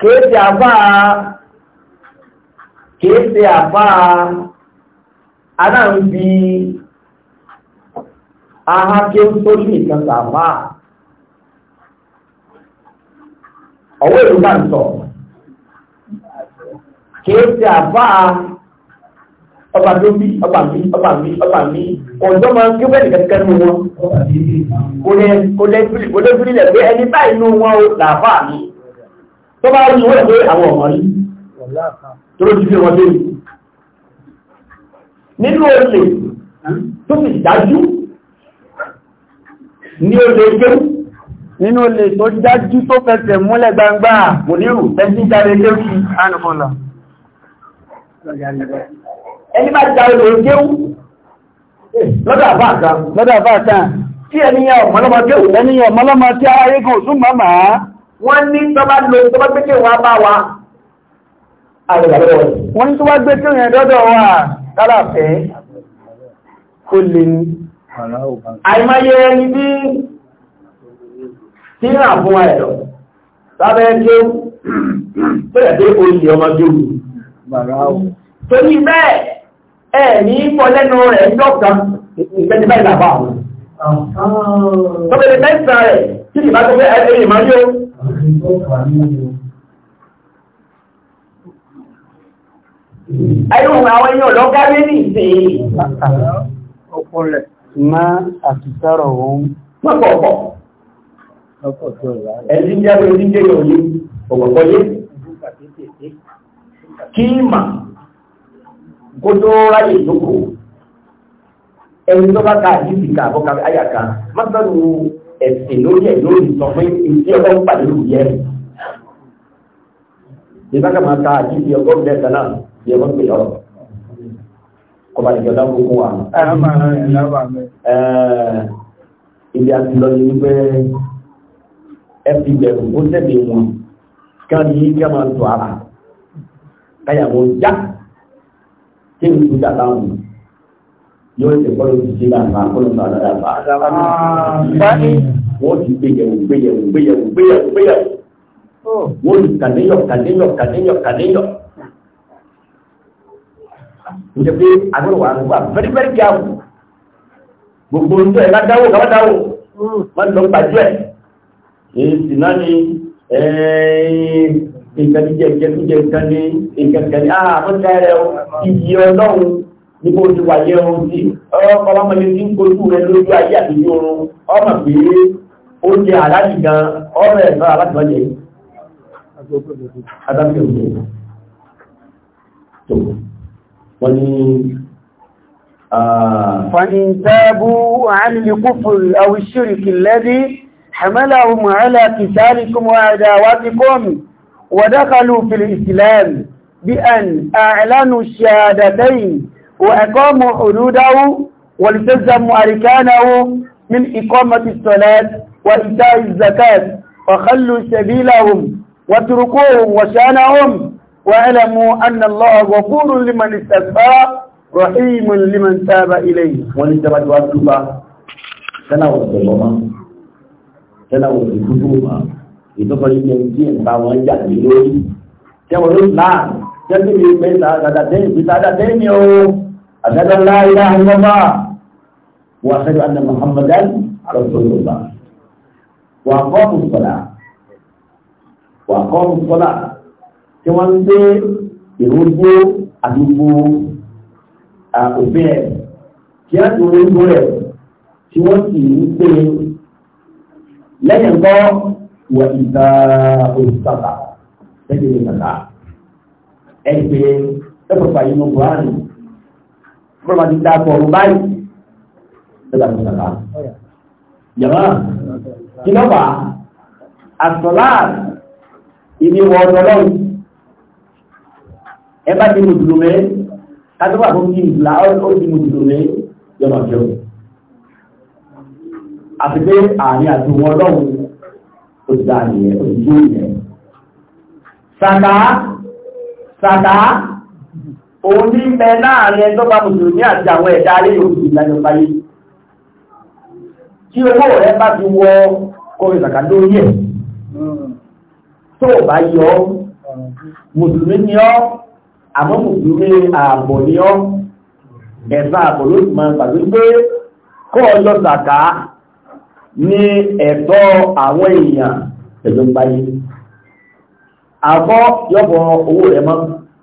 kéèsì àfáà kéèsì àfáà adáǹbí aháké sójú ìkẹta àfáà ọwọ́ ìlú bá ń sọ kéèsì àfáà ọba tó bí ọba mi ọba mi ọba mi ọjọ́ máa ń kí wẹ́ẹ̀lì kankan nínú wọn kò lẹ́bílì kò lẹ́bílì lẹ̀ pé ẹni báyìí nínú wọn ó làáfà mi tó bá rí wọ́n pé àwọn ọmọ rí tó ló ti fi wọn lórí nínú olè tó fi dájú ní olè kéwù nínú olè tó dájú tó fẹsẹ̀ múlẹ̀ gbangba kò ní rù tẹ́sí jáde kéwù ánùfọ́lá ẹni bá da olè jẹ́wú lọ́dọ̀ àbá àtàn lọ́dọ̀ àbá àtàn tí ẹni yẹn ọ̀mọ́lọ́mọ jẹ́wú ẹni yẹn ọ̀mọ́lọ́mọ tí ara yẹ kan òsùn màmá wọ́n ní tọ́ba lo tọ́ba gbé kéwù wá bá wa wọ́n ní tọ́ba gbé kéwù yẹn dọ́dọ̀ wa lára fẹ́ kó lè ní àìmáyé ẹni bí tí ń rà fún ẹ̀dọ̀ lábẹ́ kéwù bẹ́ẹ̀ dé oyè ọmọ kéwù torí ẹ ní pọ̀ lẹ́nu rẹ̀ ń dọ́kà ìgbẹ́ni báyìí làbá àwọn. Ah. Tọ́bẹ̀rẹ̀ mẹ́sàn rẹ̀ tí ìbá tó fẹ́ ẹgbẹ̀rẹ̀ máa yóò. Ayúhùn àwọn èèyàn lọ́gá lé ní ìsìn. Ọpọlẹ̀ máa àtìsárọ̀ ohun. Mọ́pọ̀pọ̀. Ẹni jẹ́ pé oníjẹ́ yóò yí, ọ̀pọ̀pọ̀ yé. Kí mà kó tó ráyè lóko ẹni tó bá ka àdìsí ká àbọ̀ká àyà kan má bẹ̀rù ẹ̀sìn lórí ẹ̀ lórí sọ pé ìdí ọlọ́run pàdé lù yẹ. ìbáka máa ka àdìsí ọgọ́rùn-ún lẹ́sà náà yẹ wọ́n pè lọ́rọ̀ kọba ìjọ dáhùn kókó wa. ibi àti lọ yìí wípé ẹ fi bẹ̀rù kó tẹ̀lé wọn kí wọ́n yí kí wọ́n máa tó ara káyà wọn já kéwì tó dàgbà wù yóò ṣe kọ́ ló ti ṣe lànà kó ló ń lọ dàgbà. wọ́n ti gbéyẹ̀wò gbéyẹ̀wò gbéyẹ̀wò gbéyẹ̀wò gbéyẹ̀wò oh. wọ́n ti kàdéyọ̀ kàdéyọ̀ kàdéyọ̀ kàdéyọ̀. ǹjẹ́ pé àgbẹ̀rù wà wà very very careful gbogbo ń tọ́ ẹ̀ bá dáwó kàwá dáwó wọ́n hmm. lọ gbàjú ẹ̀ èsì náà ni ẹ̀ẹ́ nǹkan jíjẹ ìjẹkújẹ nǹkan ní nǹkan kan ní àmọ́tẹ́rẹ ah, iyì ọlọ́run níbo ti wà yẹ ohun tí ọkọ̀ ọmọdé tí ń kojú rẹ lójú ayé àtijọ́ oorun ọmọ pé ó jẹ aláàbì gan ọmọ ẹ̀fọ́ aláàbìmọ́jẹ adájọ́ òjò ودخلوا في الإسلام بأن أعلنوا الشهادتين وأقاموا حدوده والتزموا أركانه من إقامة الصلاة وإيتاء الزكاة وخلوا سبيلهم واتركوهم وشانهم واعلموا أن الله غفور لمن استغفر رحيم لمن تاب إليه ونتبت واتوبة تناول الظلمة تناول الخدومة ìtọ́kọ̀lẹ́ ilẹ̀ tí ẹ̀ bá wọn jà ní lórí tẹ́wọ̀n ló là tẹ́bí mi pé sàdàdà tẹ́yìn sí sàdà tẹ́yìn o àdàdà láìlá ìlọ́bà wà sẹ́dọ̀ àdà Muhammadan àrọ̀sọ̀lọ́bà wà kọ́ọ̀mù sọ̀là wà kọ́ọ̀mù sọ̀là tí wọ́n ń gbé ìrúgbó àdúgbò òfin ẹ̀ kí á tó orúkọ rẹ̀ tí wọ́n sì ń pè lẹ́yìn kan wọ ìta òṣìṣàtà lẹ́yìn ìṣàtà ẹni pé ẹgbẹ̀fà yìí ló bọ̀ àrùn bọ́lá máa ti dá pọ̀ ọ̀run báyìí lẹ́yìn ìṣàtà. Yàrá kí ló fà á? Àtọ̀lá ìní wọ ọ̀dọ̀ lọ́rùn. Ẹ ó dá nìyẹn ó dí nìyẹn. sàdá sàdá òun ní mẹ láàrin ẹjọ́ bá mùsùlùmí àti àwọn ẹ̀dá ayé yóò fi ìlànà báyé. tí owó rẹ bá ti wọ kọrin kàkà lórí ẹ̀ tó o bá yọ mùsùlùmí ni ọ́ àmọ́ mùsùlùmí ààbọ̀ ni ọ́ ẹ̀sán ààbọ̀ ló ti máa gbàgbé pé kó o yọ ní ẹ̀tọ́ àwọn èèyàn pẹ̀lú gbáyé àkọ́ yọ́bọ̀ owó rẹ̀ mọ́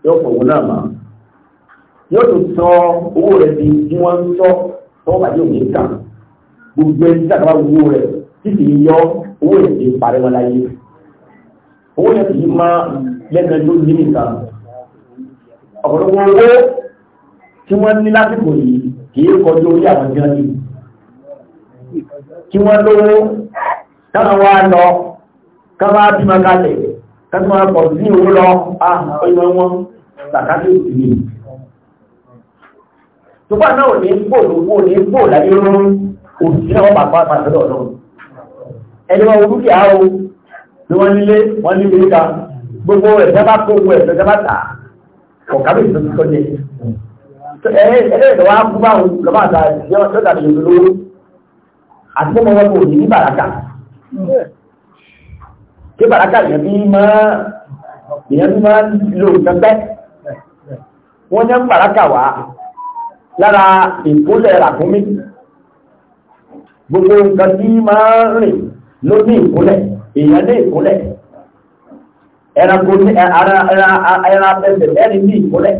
yọ́bọ̀ owó náà mọ́ yóò tún sọ owó rẹ̀ di tí wọ́n ń sọ tọ́wọ́ bàjẹ́ òní kà gbogbo ẹni tí àkàbà owó rẹ̀ tí kì í yọ owó rẹ̀ ti parí wọn láyé owó rẹ̀ kì í má lẹ́nu ló ní nìkan ọ̀pọ̀lọpọ̀ owó tí wọ́n ní lásìkò yìí kì kọjú orí àwọn jẹ́ nìyí kí wọ́n lówó káwọn wá lọ káwọn á bímọ kalẹ̀ káwọn wá pọ̀ sí owó lọ ọyọ wọn làkàtì òsì ṣùgbọ́n náà ní gbò lówó ní gbò láyé rún òsì náà pàpà pàtàkì ọ̀dọ́ ẹni wọn orúkẹ́ àwọ ni wọ́n nílé wọ́n nílé ká gbogbo ẹ̀fẹ́ bá kó owó ẹ̀fẹ́ bá tà ọ̀kábí ìtọ́jú tọ́jú ẹ̀ ẹ̀ ẹ̀ lọ́wọ́ á kú báwọn lọ́wọ́ àtàrí ọjọ́ tàbí ìlú lówó àti pé mọ́wọ́ kò ní ní bàrákà kí bàrákà yẹn bí máa èèyàn bí máa lò pẹ́pẹ́ wọ́n ní bàrákà wá lára ìkólẹ̀ ràkúnmí gbogbo nǹkan tí máa rìn ló ní ìkólẹ̀ èèyàn ní ìkólẹ̀ ẹranko ní ẹran abẹ́sẹ̀ ẹni ní ìkólẹ̀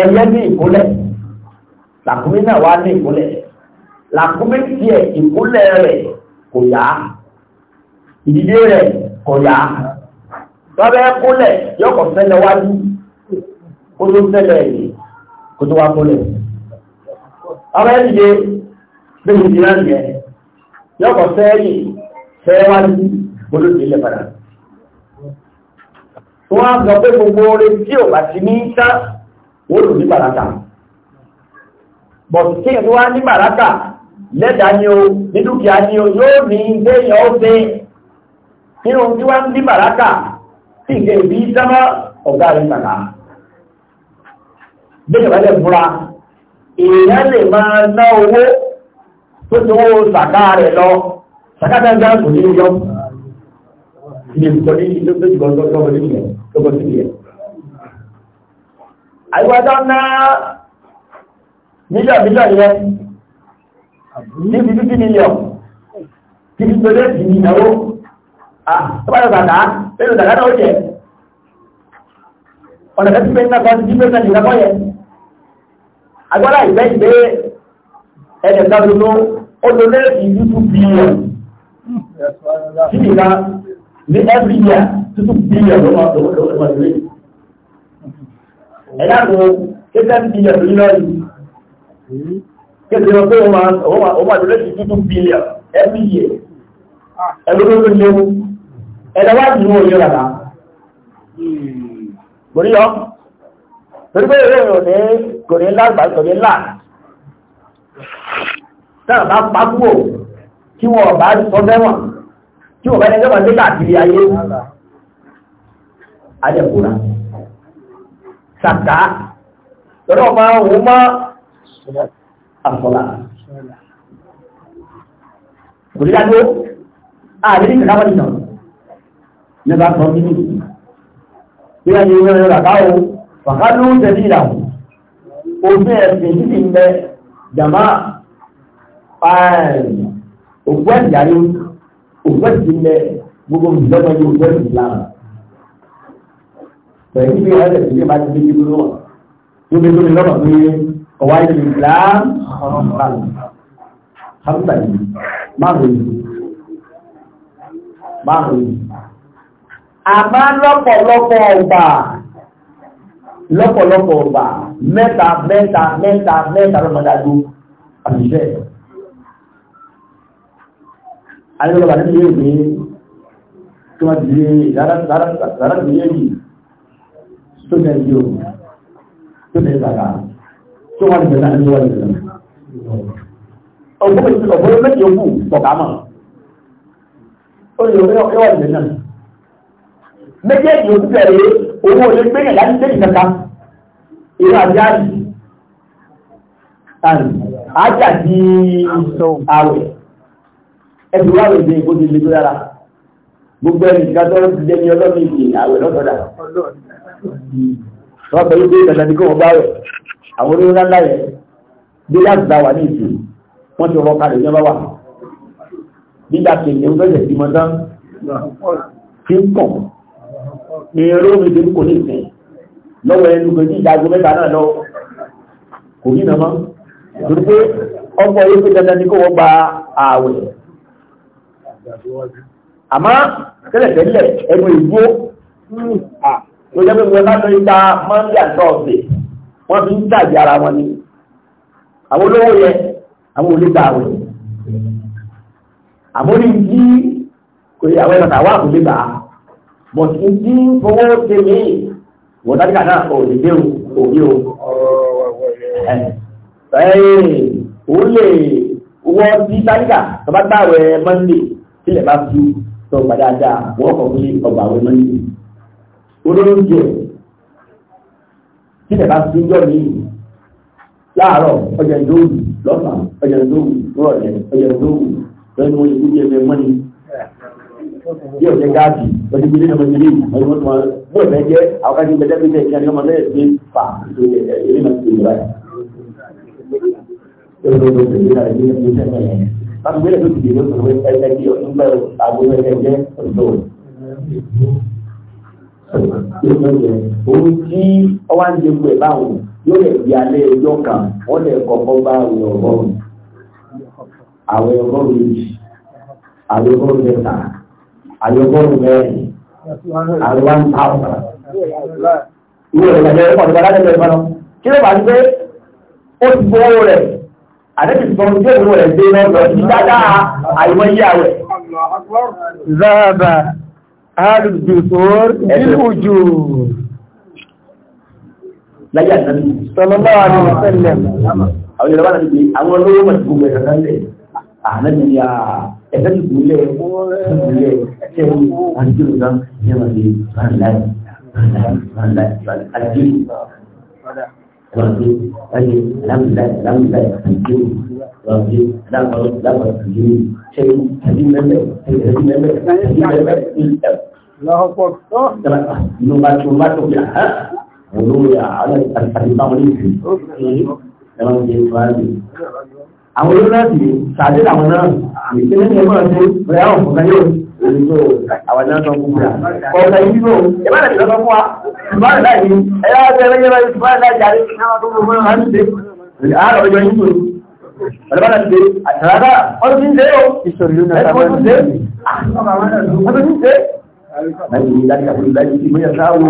ẹyẹ ní ìkólẹ̀ ràkúnmí náà wá ní ìkólẹ̀ làkúmí tiẹ̀ ìkúlẹ̀ rẹ̀ kò yá ìdílé rẹ̀ kò yá lọ́bẹ̀ kúlẹ̀ yọkọ̀ sẹ́lẹ̀ wájú kó tó sẹ́lẹ̀ yìí kó tó wá kúlẹ̀ ọbẹ̀ ìdílé bí ìdílé náà yẹn yọkọ̀ sẹ́yìn sẹ́yìn wájú kó tó sílẹ̀ padà wọ́n á sọ pé gbogbo oore tí ò bá ti ní sá wọ́n lò ní bàrátà bọ̀tí kí n ní bàrátà lẹ́dà ni o ní dúkìá ni o yóò ní ilé ìyàn ó dé nínú tí wọ́n ń bí bàrákà sí ìgbé ìbí sẹ́mọ́ ọ̀gá rẹ̀ kàkà bẹ́ẹ̀ bá èèyàn lè máa ná owó tó tó wó sàká rẹ̀ lọ sàká yẹn níbi fífí mílíọ̀n níbi tó lé sí ìnáwó àtọ́bàtà tàdá lẹ́nu tàdá náà ó jẹ́ ọ̀nà tẹ́sí pé nígbà kan tí pẹ́sẹ̀ nìkan kọ́ yẹ agbára ìgbẹ́ ìgbé ẹ̀jẹ̀ kan ló ó lo lé sí tútù bílíọ̀n sí ní every year tútù bílíọ̀n ló máa lówó lówó lówó lórí ẹ̀dá kan kékeré bílíọ̀n lórí lọ́yìn kéde wọn pé wọ́n máa donate two billion every year ah. ẹlòmí ló léwu ẹ̀dá wá jù wọ́n yẹ rárá kò ní yọ torí pé ìwé ìrọ̀lẹ́ kò ní lágbà kò ní là náà bá pa kúrò kí wọ́n bá sọ fẹ́wọ̀n tí wọ́n bá ní gẹ́gẹ́ nígbà kiri ayé adẹ́kùnrin sàkà lọ́dọ̀ àkọlà. Òṣèlú àgbò, ààrẹ ní ìkàkà wọ́n nígbà sọ bí nìyí. Bí a ní ìwọ̀n rẹ̀ káwọ́, wàká ló ń tẹ̀lé ìlàwọ̀. Òfin ẹ̀sìn títí ń bẹ jàmá òkú ẹ̀dìyàrí òkú ẹ̀sìn ń bẹ gbogbo ìjọba yóò gbé ìlànà. Pẹ̀lú bí ọ̀rẹ́ ìdílé máa ti dé kọ̀wá ìlà hamsa yìí márùn-ún márùn-ún àmá lọ́pọ̀lọpọ̀ ọgbà lọ́pọ̀lọpọ̀ ọgbà mẹ́ta mẹ́ta mẹ́ta mẹ́ta lọ́mọdájú àmìṣẹ́ alẹ́lọ́gbà nínú yóò gbé tí wọ́n ti lè rárá tó wà nìjọba ní wà nìjọba ọgbọ́n ìṣẹ̀lẹ̀ ọgbọ́n méjì ogún pọ̀kámà ó lè yọ wà nìjọba méjèèjì ogún bẹ̀rẹ̀ owó olè gbé yẹn láti dé ìkẹta ìlú àti àjì àjì àti àwẹ̀ ẹbí wà lè dé ìkóso ilé tó yára gbogbo ẹni ìgbà tó ti dẹni ọlọ́mìnì àwẹ̀ lọ́sọ̀dà lọ́pẹ̀ yóò dé ìkẹta ní kí wọ́n bá wẹ̀ àwọn olórí ńlá yẹn bí láti dá wà ní ìsìn wọ́n ti rọ́ka lè yẹn bá wà nígbà kejì ń fẹ́sẹ̀ sí mọ́tán tí ń kàn ní eré omi tí ń kò ní ìsìn lọ́wọ́ ẹnu pé ní ìdájọ́ mẹ́ta náà lọ kò ní nàmọ́ torí pé ọkọ̀ yóò fi dandan ní kó wọ́n gba ààwẹ̀ àmọ́ tẹ́lẹ̀tẹ́lẹ̀ ẹnu ìgbó tó jẹ́ pé wọ́n bá ìta monday and wọ́n fi ń tàbí ara wọn ni àwọn olówó yẹ àwọn olùgbà àwẹ̀ àmórí yí kò yẹ àwọn ìrọ̀tà wà kò lè gbà á bọ̀ kí n dín owó ṣe mí wọ́n dájú kàná òní dé òní o. ó lè wọ́n sí tálíkà tó bá gbàwẹ̀ mọ́ndé sílẹ̀ bá fi tó gbàdáadáa wọ́n kọ̀ fún ọgbà àwẹ̀ mọ́ndé olóńjẹ tí bá ti jọ ní ìlú láàárọ̀ ọjà ìdóòwì lọ́sàn ọjà ìdóòwì rọ̀lẹ́ ọjà ìdóòwì lọ́nà wọn ìlú ẹgbẹ́ mọ́ni bí ọ̀jẹ̀ gáàsì ọdún ilé ọmọ ìlú ọdún wọn tó wọn bó ẹ̀fẹ́ jẹ́ àwọn kájí gbẹdẹ́ pé kí ẹni ọmọ náà ṣe fà ìlú náà ti rà Láti gbé ẹ̀dọ́ ti dèrò pẹ̀lú ẹgbẹ́ kí ọdún bẹ̀rù àgbẹ̀wẹ̀ ẹgbẹ́ ọ̀dọ́ òun tí ọwá ń jẹun ẹ̀ báwọn yóò lè di alẹ́ ẹjọ́ kan wọ́n lè kọ́kọ́ bá àwẹ̀ ọgọ́rùn-ún àwẹ̀ ọgọ́rùn-ún méjì àwẹ̀ ọgọ́rùn-ún mẹ́ta àwẹ̀ ọgọ́rùn-ún mẹ́rin àwẹ̀ wá ń ta ọ̀sà. ìwé rẹ̀ lẹ́yìn ẹ̀kọ́ ìgbàlá lẹ́yìn ẹ̀kọ́ náà kí ló bá ń gbé ó ti bọ́ owó rẹ̀ àdébì sọ ojú èèwọ̀ rẹ̀ dé lọ́dọ̀ ìdájá àìmọye àwẹ̀ alùdùsòrò ìlúùjù láyé àtàrí sọlọ́lọ́ àdìsẹ́lẹ̀ àwọn ìjọba náà ti àwọn olówó mọ̀ sí gbogbo ẹ̀sán lẹ̀ ànábi ni a ẹ̀sán ti gbúlẹ̀ gbúlẹ̀ ẹ̀sẹ̀ àdìsẹ́lẹ̀ náà ní ẹ̀ma ti rán láì rán láì rán láì àdìsẹ́lẹ̀ ẹ̀ma ti rán láì rán láì àdìsẹ́lẹ̀ lọ́dún dábàá dábàá tìlú ṣe tàbí mẹ́mẹ́ tàbí mẹ́mẹ́ tàbí mẹ́mẹ́ ìlẹ̀. lọ́pọ̀ tó. inú bá tún bá tún yà á olórí àlọ́ àti báwọn ní ìlú. ẹ̀rọ ń ṣe fún àlè. àwọn olórí náà sì ṣàdé làwọn náà ìpínlẹ̀ ní ẹgbẹ́ ọ̀sẹ̀ rẹ̀ àwọn fún káyọ̀ olùdó àwọn náà sọ́kùn fún wa. ọ̀sẹ̀ yìí ló ìbára ìjọba fún wa ìbára láyé ẹ̀yà ọ̀sẹ̀ ẹ̀rẹ́ yẹn Ọ̀dọ́bàdà ti dé, àtàràbà, ọdún tí ń dé o. Ìṣòlú náà sábà ń dé. Ọdún tí ń dé. Láyé láti àpò ìlàjì tí bóyá sáwò.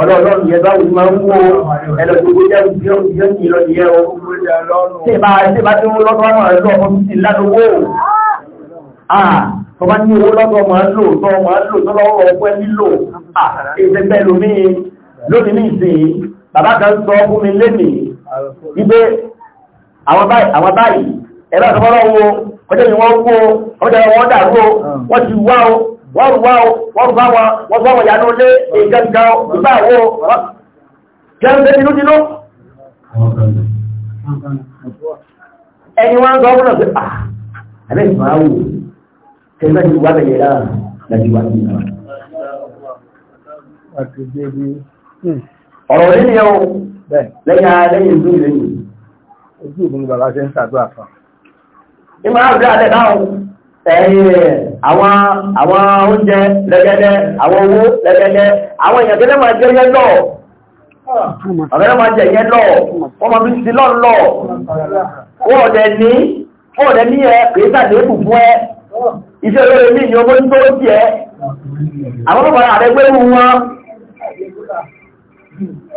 Ọlọ́ọ̀lọ́run yẹn bá wùú máa ń wó ẹlọ́dún bóyá yóò ní lọ nìyẹn o. Ṣé bá ṣé bá tí wọ́n lọ́dọ̀ wọn máa lọ ọmọ sí ládùúgbò? À tó bá ní owó lọ́dọ̀ máa lò tó máa lò tó lọ́wọ́ ọgbẹ́ nílò. À ìṣẹ́gbẹ́ lómi lónìí nìsín. Bàbá kan sọ fún mi lénìí. Ibé àwọn báyìí ẹ̀rọ àtọ́fọ́lọ́ wo ọjọ́ ni wọ́n kó ọjọ́ wọn dàrú o wọ́n ti wá o wọ́n rù wá o wọ́n rù bá wọn wọ́n bá wọn yà ló lé ìgbẹ́gbẹ́ ìgbà wo jẹun tẹ́ tinú tinú. ẹni wọn ń sọ fún ọ̀sẹ̀ pa ah, àbẹ́ ìfọ̀n áwò kẹfẹ́ ti wá bẹ̀yẹ̀ lára láti wá sí ìgbà. ọ̀rọ̀ yìí ni ó lẹ́yìn lẹ́yìn ìlú ìlẹ́yìn ojú òun ni bàbá ṣe ń ṣàdúrà fún un. ìmọ̀ àbúrò alẹ́ dáhùn àwọn àwọn oúnjẹ lẹ́gẹ́dẹ́ àwọn owó lẹ́gẹ́dẹ́ àwọn èèyàn gẹ́gẹ́ máa jẹ́ yẹn lọ ọ̀rẹ́ máa jẹ́ yẹn lọ wọ́n máa fi sí lọ́n lọ wọ́n ọ̀dẹ̀ ní wọ́n ọ̀dẹ̀ ní ẹ kìí sàdé fùfú ẹ iṣẹ́ olóore ní ìyọ́gbọ́n tó ó tiẹ̀ àwọn ọmọ àrẹ́gbẹ́rún wọn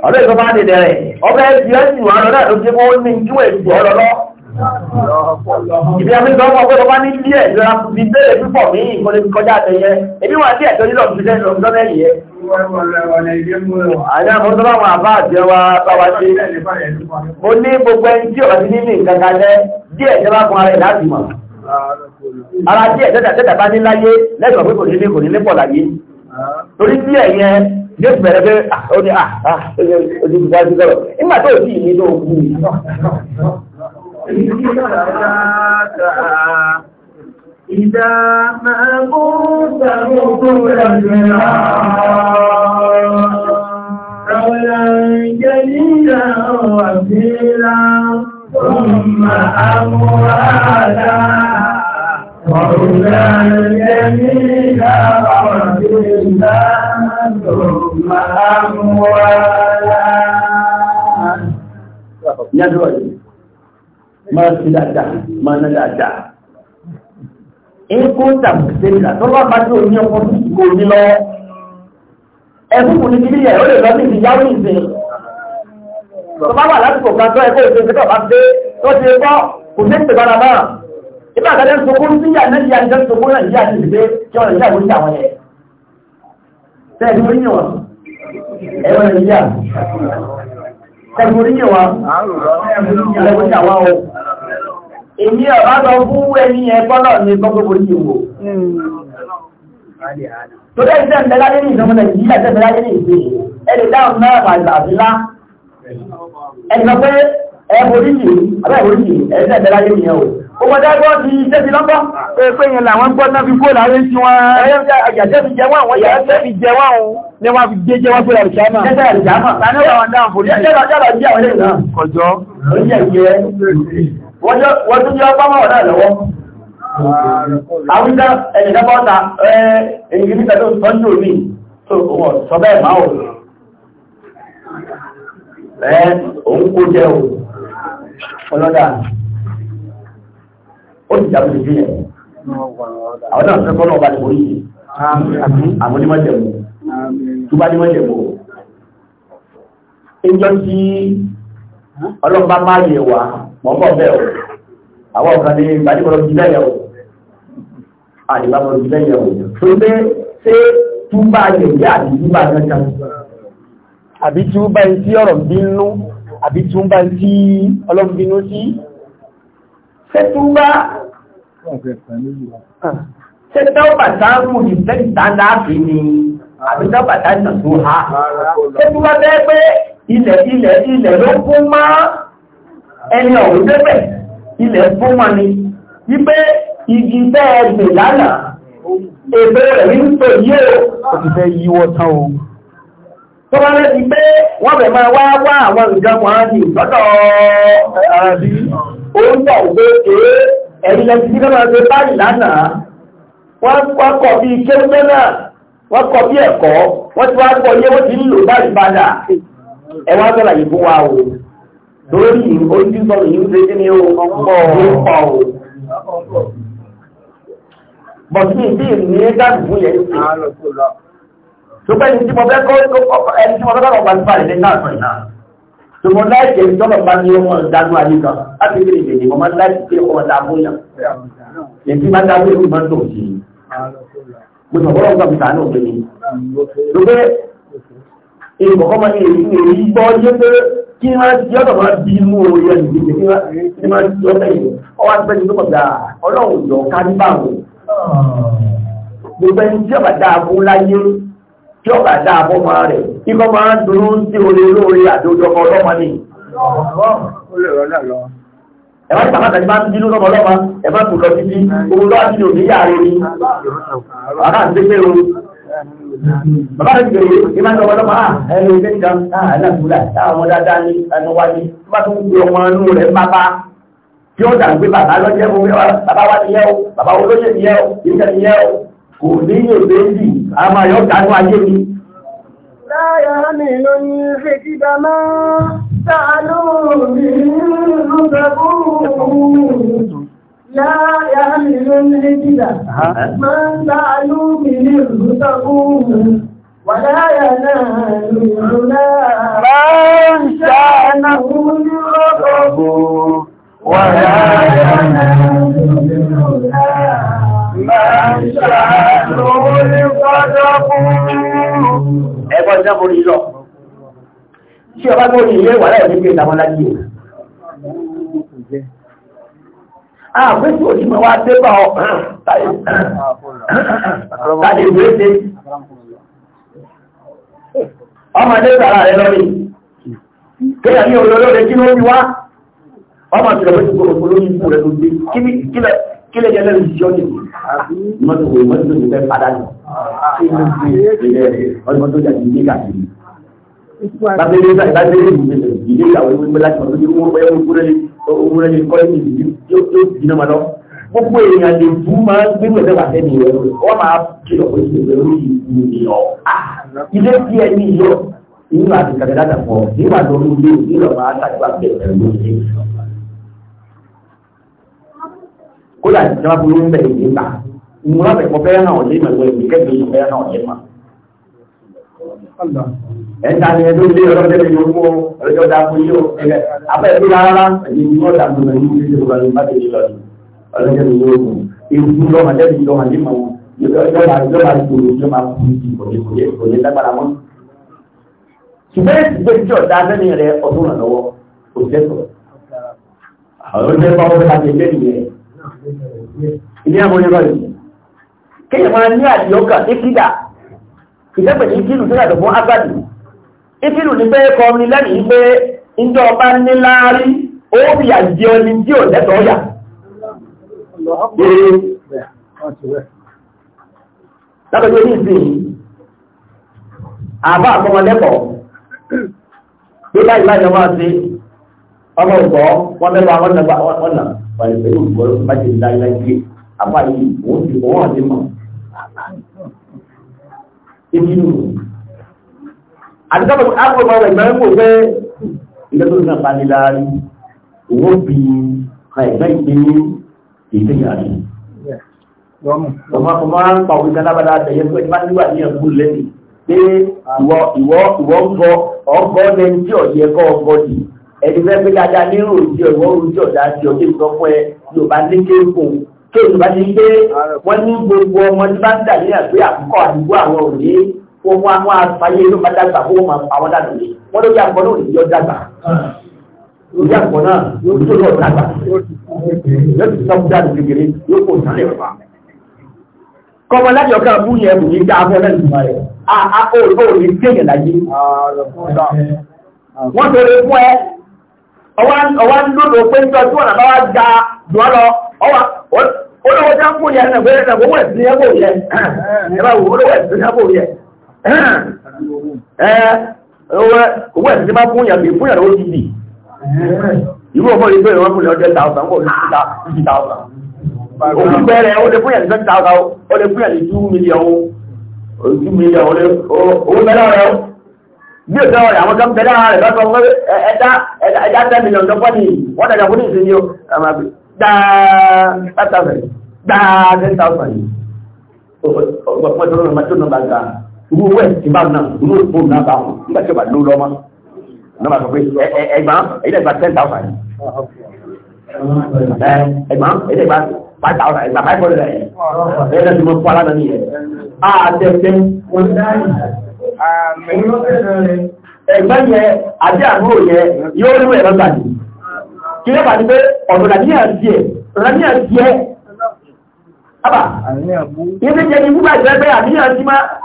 ọ̀rẹ́ ìjọba ti dẹ̀rẹ̀ ọbẹ̀ ẹ̀sì ẹ̀sì wà lọ́dọ̀ tó jẹ́ kó ní kí wọ́n èsì ọ̀rọ̀ lọ. ìbí àmì ìjọba ọkọ̀ tó bá ní bí ẹ̀ lọ́la fi bẹ́ẹ̀ púpọ̀ mí ìkọlé fi kọjá àtẹyẹ ebi wà sí ẹ̀tọ́ nílò fi lẹ́nu ọ̀dọ́ mẹ́rin yẹ. àyà mo tó bá wọn àbá àti ọwọ́ bá wa ṣe mo ní gbogbo ẹni tí ọ̀rọ̀ ti ní ní nǹkan kan lẹ́ díẹ̀ ìjọba fún ara ẹ̀ láti mọ̀ ara díẹ̀ tẹ́tà tẹ́tà bá ní láyé lẹ́gbẹ̀ẹ́ pé kò ní ní kò ní ní pọ̀ láyé torí bí ẹ̀yẹ yóò bẹ̀rẹ̀ pé ó ní à á ojú nígbà tó sì ní ló kú mi. Ìdá máa ń kó sàmúkú rẹ̀ jẹ́ Rọ̀lá jẹ́ nígbà wà sí lá, ó máa وَرُسَلَ الْيَمِينَ وَرَسُولًا ثُمَّ أَمْوَالًا Nyàdúrà yìí, máa ti dáadáa, máa ná dáadáa. Èkó tàbí sẹ́lá tó bá bá tí ó ní ọkọ̀ tó ti kò ní lọ. Ẹ̀fún kò ní ti bílẹ̀ ìyáwó ìsìn. Tọ́bá wà lásìkò kan tó ẹ̀kọ́ ìsìn tó bá dé tó ti gbọ́ kò ní ìpè náà ìgbà kan lẹ́nu sọkún sí ìyá náà ìyá ìjọ sọkún náà ìyá ti dìde kí ọ̀rọ̀ ìyá ìwòsí àwọn yẹn bẹ́ẹ̀ ni oríyìn wọn ẹ̀rọ ìyá ẹ̀rọ oríyìn wọn ẹ̀rọ oríyìn àwọn o èmi ọ̀rọ̀ lọ fún ẹni yẹn gbọ́dọ̀ ní gbọ́gbọ́ oríyìn wò tó dẹ́ ìṣẹ́ ìbẹ̀lá lé ní ìjọba nàìjíríà tẹ́ ìbẹ̀lá lé ní ìgbé ẹni dáhùn náà àgbà àbílá ẹni lọ pé ẹ̀rọ oríyìn àbẹ́ oríyìn ẹ̀ṣẹ́ ìbẹ̀lá lé ní ẹ̀ Òmọdágbọ́ ti iṣẹ́ ti lọ́gbọ́, pé yẹn làwọn gbọ́ náà fi kó láàrin tí wọ́n àjàjẹ́ fi jẹ wọ́n àwọn ìyàjẹ́ fi jẹ wọ́n òun ní wọ́n fi gbé jẹ́ wọ́n pé àrìṣàmà. Jẹ́jẹ́ àrìṣàmà, tàbí àwọn dáhùn fòrí. Jẹ́jẹ́ àrìṣàmà, kọjọ́. Wọ́n tún jẹ́ ọgbọ́n wọ̀ náà lọ́wọ́. Àwíjá ẹ̀yìnká bọ́ta, ẹ̀yìn kìíníkà tó sọ́jú òní, tó sọ bẹ́ẹ̀ máa ò. Ẹ́ òun kó jẹ́ ò, ọlọ́dà ó ti jáde lójú yẹn àwọn náà fẹ́ kọ́nà ọba ní orí yìí àwọn onímọ̀ jẹ̀mú tó bá nímọ̀ jẹ̀mú ìjọ tí ọlọ́pàá máa yẹ wá mọ́ bọ́ bẹ́ẹ̀ o àwọn ọ̀kan ní gbadébọ̀lọ́ jù bẹ́ẹ̀ o àdìbàbọ̀lọ́ jù bẹ́ẹ̀ o tó gbé ṣé túbà yẹ̀yẹ́ àti túbà kankan àbí túbà yìí tí ọ̀rọ̀ bínú àbí túbà yìí tí ọlọ́pàá bínú sí ṣe túbá ṣe tọ́bàtà mú ìfẹ́ta láàfin ni àbí tọ́bàtà nà tó ha ṣe túbá bẹ́ẹ̀ pé ilẹ̀ ilẹ̀ ilẹ̀ ló fún mọ́ ẹni ọ̀rún débẹ̀ ilẹ̀ fún mọ́ ni wípé igi bẹ́ẹ̀ gbè lánàá èbè rẹ̀ ní pé yíò o tó bá lẹ́ ó ń bọ̀ pé èé ẹ̀rí lẹ́sí tí wọ́n máa ṣe báyìí lánàá wọ́n kọ́ bí kéwúté náà wọ́n kọ́ bí ẹ̀kọ́ wọ́n ti wá gbọ́ yé wọ́n ti ń lò báyìí padà ẹ wá sọ̀rọ̀ yìí fún wa o lórí ojú sọ̀rọ̀ yìí ń ṣe kí ni ó pọ̀ ó pọ̀ o bọ̀tí ìdí ìní dáàbò yẹn ń ṣe tó bẹ́ẹ̀ ni tí mo fẹ́ kọ́ ẹni tí mo fẹ́ kọ́ ọ̀gbà nípa ìdí náà tòmọ láìpẹ́ ìjọba bá ní ọmọ ìdánú ayé kan láti fi lè dèdè ọmọ láìpẹ́ ọmọ ìdààmú yàn èyí máa dá wíwú máa ń tò sí i mo sọ fọlọ́ nǹkan fìtà náà gbẹ̀yìn lópe èyí kọ̀kọ́ máa ní èyí èyí gbọ́ yé pé kí wọ́n ti ọ̀dọ̀ máa bí inú orí ẹni kí wọ́n máa ti ọ̀dọ̀ yìí ọwọ́ àti bẹ́ẹ̀ ni lókọ̀ gbà ọlọ́run yọ̀ ká gbogbo ẹni tí ọ̀bà dáa fún láyé tí ọ̀gá dá àbọ́mọ rẹ̀ ikọ́ máa ń dúró ń tí orí olóorí àdójọ ọmọ ọlọ́mọ ní ẹ̀bá ìtàmà tàbí máa ń bínú lọ́mọ ọlọ́mọ ẹ̀bá tó lọ títí owó lọ́wọ́ sí òní yà rẹ̀ ní bàbá ń gbé o bàbá ah, ah, ah, rẹ̀ gbèrè ìmá ń lọ́mọ ọlọ́mọ ẹni ilé ìjà aláàbúlà táwọn dáadáa kò ní èdè ìdì a máa yọ́ tánú ayé mi láyá mi ló ní ṣe kí bá máa tánú mi ló bẹ̀kú láyá mi ló ní ṣe Wàláyà náà lòrò náà. Máa ń ṣàánàwó ní ọgbọ̀gbọ̀. Wàláyà náà lòrò náà. Ẹgbọ́n jẹ́ borí Tí ọba tó ní ilé ìwàlẹ̀ ní pé ìdáwọn lájí ò. Àpẹ́sù onímọ̀ wá dé bá ọ tàbí ìwé ṣe. Ọmọdé tààrà rẹ lọ́rí. Kéyà ní olólóre kí ló ń wá? Ọmọ ìṣẹ̀lẹ̀ kí lè jẹ́ lẹ́nu jíjọ́ ní mọ́tò wòye mọ́tò tó fẹ́ padà ní ọdún tó jà nílé kàkiri. Bàbá ilé ìgbà ìbá délé ìlú mẹ́tò ìdílé ìyàwó ìwé ńlá tí wọ́n ti mú ọgbẹ́ òwúrẹ́lẹ́ òwúrẹ́lẹ́ kọ́lẹ́jì yóò jiná ma lọ. Gbogbo èèyàn lè fún máa ń gbé mẹ́tò wà sẹ́ni wọ́n máa kìlọ̀ pé kí ìgbẹ́ lórí ìlú ìyọ̀. Ah! Ilé tí ẹ ní ìyọ̀ ìlú àti kàkẹ́dá kódà tí wọ́n burú bẹ̀ èyí gbà ìmúra bẹ̀ kọfẹ́ náà ọ̀lẹ́ ìmọ̀wé ìkẹ́gbẹ̀ ìfẹ́ náà ọ̀lẹ́ mà. ẹ̀ta ni ẹ̀dọ́ ilé ọ̀rọ̀ tẹ́lẹ̀ yóò mú ọ̀rẹ́jọ́ da fún yóò ẹgbẹ́ abẹ́ rárá ẹ̀yìn ni wọ́n dàgbọ́n náà yóò ṣe ìrọ̀lẹ́ bá tẹ̀lé lọ́dún ọ̀rẹ́jọ́ ni yóò mú ewu lọ́mọdé ni lọ́mọdé mọ̀ ìjọba ìjọba ìgbòho ìjọba kò ní lágbára mọ́. ṣùgbọ́n ìgbésẹ̀ tí ọ̀dà abẹ́ni rẹ̀ ọdún ràn lọ́wọ́ kò jẹ́ sọ̀rọ̀. àwọn ọdún ẹgbẹ́ wọn bá ti ẹgbẹ́ nìyẹn ìdí àwọn oníbàlẹ̀ kéèyàn máa ní àdìọ́kà ìkídà ìdẹ́gbẹ̀ ní tó yàtọ̀ fún ágbàdì ìkílù ní pé kọ́ ní lẹ́nìí pé ìjọ bá ní láárí ó àjẹ́ ọni tí ò lẹ́tọ̀ ọ̀yà ọmọ pàdé pẹ̀lú ìgbọ́rọ̀ bá ti dá ilá ilé àbá yìí òun ti òun àti mọ̀. Ebi nù. Àdìgbàgbọ́ àgbọ̀gbọ̀ rẹ̀ gbẹ̀rẹ̀ kò fẹ́ ilé tó náà pani láàárín. Owó bi ka ẹ̀gbẹ́ ìpín ìpín yàrá. Ọmọ ọmọ pa òun kan lábàdá àtẹ̀yẹ fún ẹ̀gbẹ́ nígbà ní ẹ̀kú lẹ́nu. Pé ìwọ ìwọ ìwọ ń bọ ọgọ́ lẹ́ni tí ọ̀yẹ́ kọ́ ọgọ́ yìí ẹni fẹ́ pé dáadáa ní òòjì ọ̀wọ́ òòjì ọ̀dá ti ọ̀dẹ́ ìtọ́ fún ẹ yóò bá ní kéèkùn tó ìjọba ti gbé wọ́n ní gbogbo ọmọ tí bá ń dà ní àgbé àkókò àdúgbò àwọn òní wọ́n mú àwọn afáyé ló máa dàgbà fún àwọn dàgbà ní wọ́n ló yà kọ́ náà òní yọ dàgbà lórí àpò náà yóò tó lọ dàgbà yóò ti sọ́kú dàgbà kékeré yóò kò sálẹ̀ rẹ̀ wá. kọ́mọ láti ọ̀gá bú yẹn kò ní í dá afẹ́ náà nìyí rẹ̀ a a ó ní kéèyàn láyé. wọ́n tó lè fún ẹ ọwá ń dòdò pé ń tọ́jú ọ̀nà bá wá ga jùlọ lọ ọwá olówó tí a ń kú yẹn náà gbẹ́rẹ́ ìgbówó ẹ̀sìn ní ẹgbò yẹ ẹ̀bá wò olówó ẹ̀sìn ní ẹgbò yẹ owó ẹ̀sìn ní bá fún yàn bí fún yàn lówó gidi ìlú ọmọ yìí bẹ̀rẹ̀ wọn fún yàn ten thousand kò ní fifty thousand òkú bẹ̀rẹ̀ ó lè fún yàn ten thousand ó lè fún yàn two million two million owó bẹ̀rẹ̀ rẹ̀ ó bí o sọ̀rọ̀ àwọn kan bẹ̀rẹ̀ àwọn ẹ̀rọ sọ wọ́n ẹ̀dá ẹ̀dá ten million lọ́pọ̀ ní wọ́n dàgbà fún ìsìn yóò àmà bí dáa five thousand dáa ten thousand ọgbọ̀n tó lọ́nà tó nọmba ga irú wẹ̀ tí bá náà irú òun náà bá wọn nígbà tí ó bá ló lọ́mọ nọmba sọ pé ẹgbà ẹ̀yìn ẹgbà ten thousand ẹgbà ẹ̀yìn ẹgbà five thousand ẹgbà five hundred ẹ̀yìn ẹ̀yìn ẹgbà tí mo fọ́ aláàdá nìyẹn. Ẹgbẹ́ yẹ, àbí àbúrò yẹ, yóò rí ẹ̀rọ gbàdì. Kí ló bàdí pé ọ̀dọ̀ làníyà sí ẹ̀, làníyà sí ẹ̀. Àbà, ilé jẹ́ ní wúgbà ìjẹ́ pé àníyà sí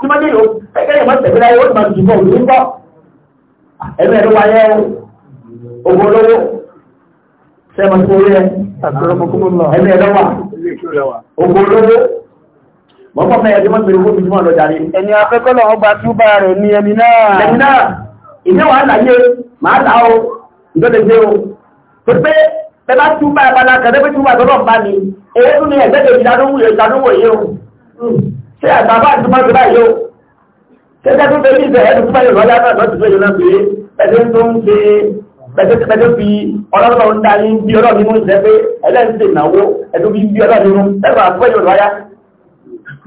máa nílò, ẹgbẹ́ yẹ̀ máa tẹ̀lé láyé, ó ti máa jùbọ̀ òní pọ̀. Ẹ̀rọ ẹ̀rọ wáyé owó lówó, sẹ́mọ̀ sí orí ẹ̀, ẹ̀rọ ẹ̀rọ wọ́n kọ́ fẹ́yẹ̀ tí wọ́n pèrè fún ìjúmọ̀ lọ́jà rí ẹni afẹ́kọ́lọ̀ ọgbà tí ó bá rẹ̀ ní ẹni náà ẹni náà ìdíwà àlàyé máa ta o ìdọ́lẹ̀ o tó pé bẹ́bá tí ó bá ẹ̀bá lákàtẹ́ pé tí ó bá tọ́lọ̀ bá ní eré tún ní ẹ̀gbẹ́ tèmi ìdánwò ìdánwò yìí o ṣé àgbà bá ti máa gbé yìí o ṣé ṣe tó tẹ́lẹ̀ ìfẹ́ ẹni tó bá yọ lọ́jà náà lọ́tù tó yọ náà pé ń ṣe pẹ̀tẹ́pẹ̀tẹ́ fi ọlọ́run ń darí bí ọlọ́run nínú ìṣẹ́ pé ẹlẹ́sìn ìnáwó ẹ̀dùn bí ọlọ́run nínú ẹ̀rọ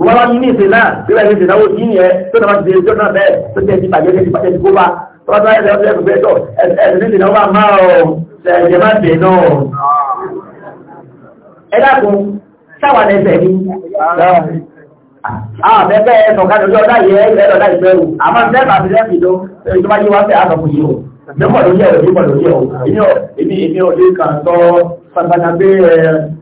wọ́n wá ní ìsìn náà bíbẹ̀ ní ìsìn náà ó yí ni ẹ tó náà ti ṣe náà bẹ́ẹ̀ tó ti ẹ bàjẹ́ ti bàjẹ́ ti kó tó bá tó ẹ̀ lọ́wọ́ ẹ̀kọ́ bẹ́ẹ̀ tọ̀ ẹ̀sìn ìsìn náà wà máa ọ̀ ṣẹ̀jẹ̀ má bẹ̀ náà. ẹ dákun sáwà lẹsẹ̀ ni. àwọn bẹ́ẹ̀ ẹ sọ̀ká lọ́jọ́ ọ̀dà yẹ ẹ lọ́dà ìgbẹ́rù àmọ́ bẹ́ẹ̀ ti lẹ́sìn lọ ìjọba yìí wá bẹ́ẹ̀ á sọ fún yìí o mẹ́kọ̀ọ́ ló yẹ ọ̀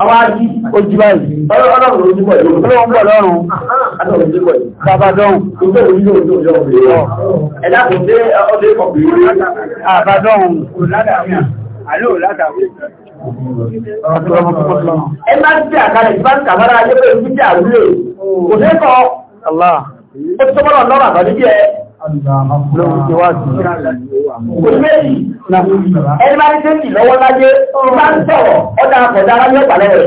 àwọn ají ojú báyìí ọlọ́run ojúbọ̀ yìí ọlọ́run bọ̀ lọ́rùn Bàbádọ́rùn ẹ máa ń jẹ́ àkàrẹ̀ ìbáǹkà mọ́ra ayébẹ̀ ìbíjà rúlé kò ní kọ́ ó tọ́bọ́lọ̀ lọ́rọ̀ àbàdíjẹ́ lórí iwájú. Ẹni máa ń tẹ́kì lọ́wọ́ láyé, bá ń sọ̀rọ̀, ọdá àkọ̀dá aráyé pàlẹ́ rẹ̀.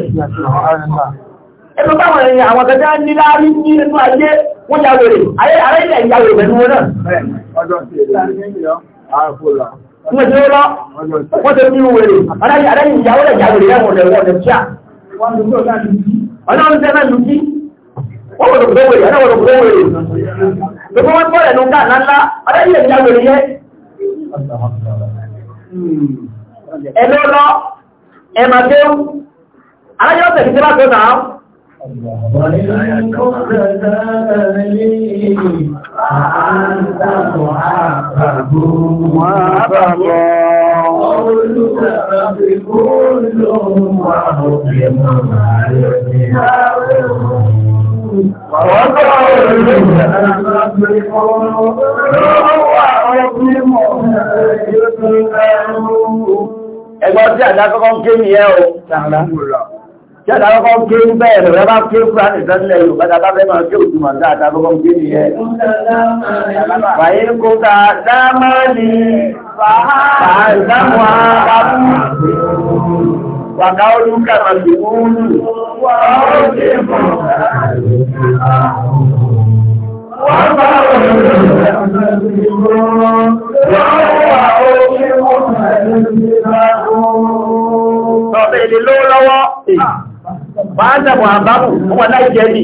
Ẹnu báwọn èèyàn àwọn kẹta ní láàrí ní inú ayé wọ́n ya wèrè, ayé ara ilẹ̀ ìyá wèrè pẹ̀lú wọn náà. Wọ́n ti rọ́, wèrè, aráyé ìyàwó rẹ̀ ya wèrè lẹ́wọ̀n lẹ́wọ̀n gbogbo wọn gbọ́rẹ̀ ló dáa ńlá ọlẹ́yìn ẹ̀yà wèrè yẹ ẹ̀lú ọlọ́ ẹ̀mà déhù tẹ́lá tó náà Olúkọ̀ọ́bí kó lóòrùn àwọn ọ̀pẹ̀ mọ̀ ààrẹ ní àwọn ọmọ Ẹgbọ́n tí àdá kọ́kọ́ ké ní ẹ́ o. Tí àdá kọ́kọ́ ké ń bẹ́ẹ̀ rẹ̀ rẹ̀ bá ké fúra nìtẹ́lẹ̀ yóò bá dábá bẹ́ẹ̀ máa ké òtùmọ̀ dáadáa kọ́kọ́ ké ní ẹ́. Fàyé kó ta dámá ní fàá Wàká olúkà màbí múlù. Wọ́n bá Ọ̀pẹ̀ èdè lówó lọ́wọ́, máa ń dàbò àbábù, ọmọ láì jẹ́ bì.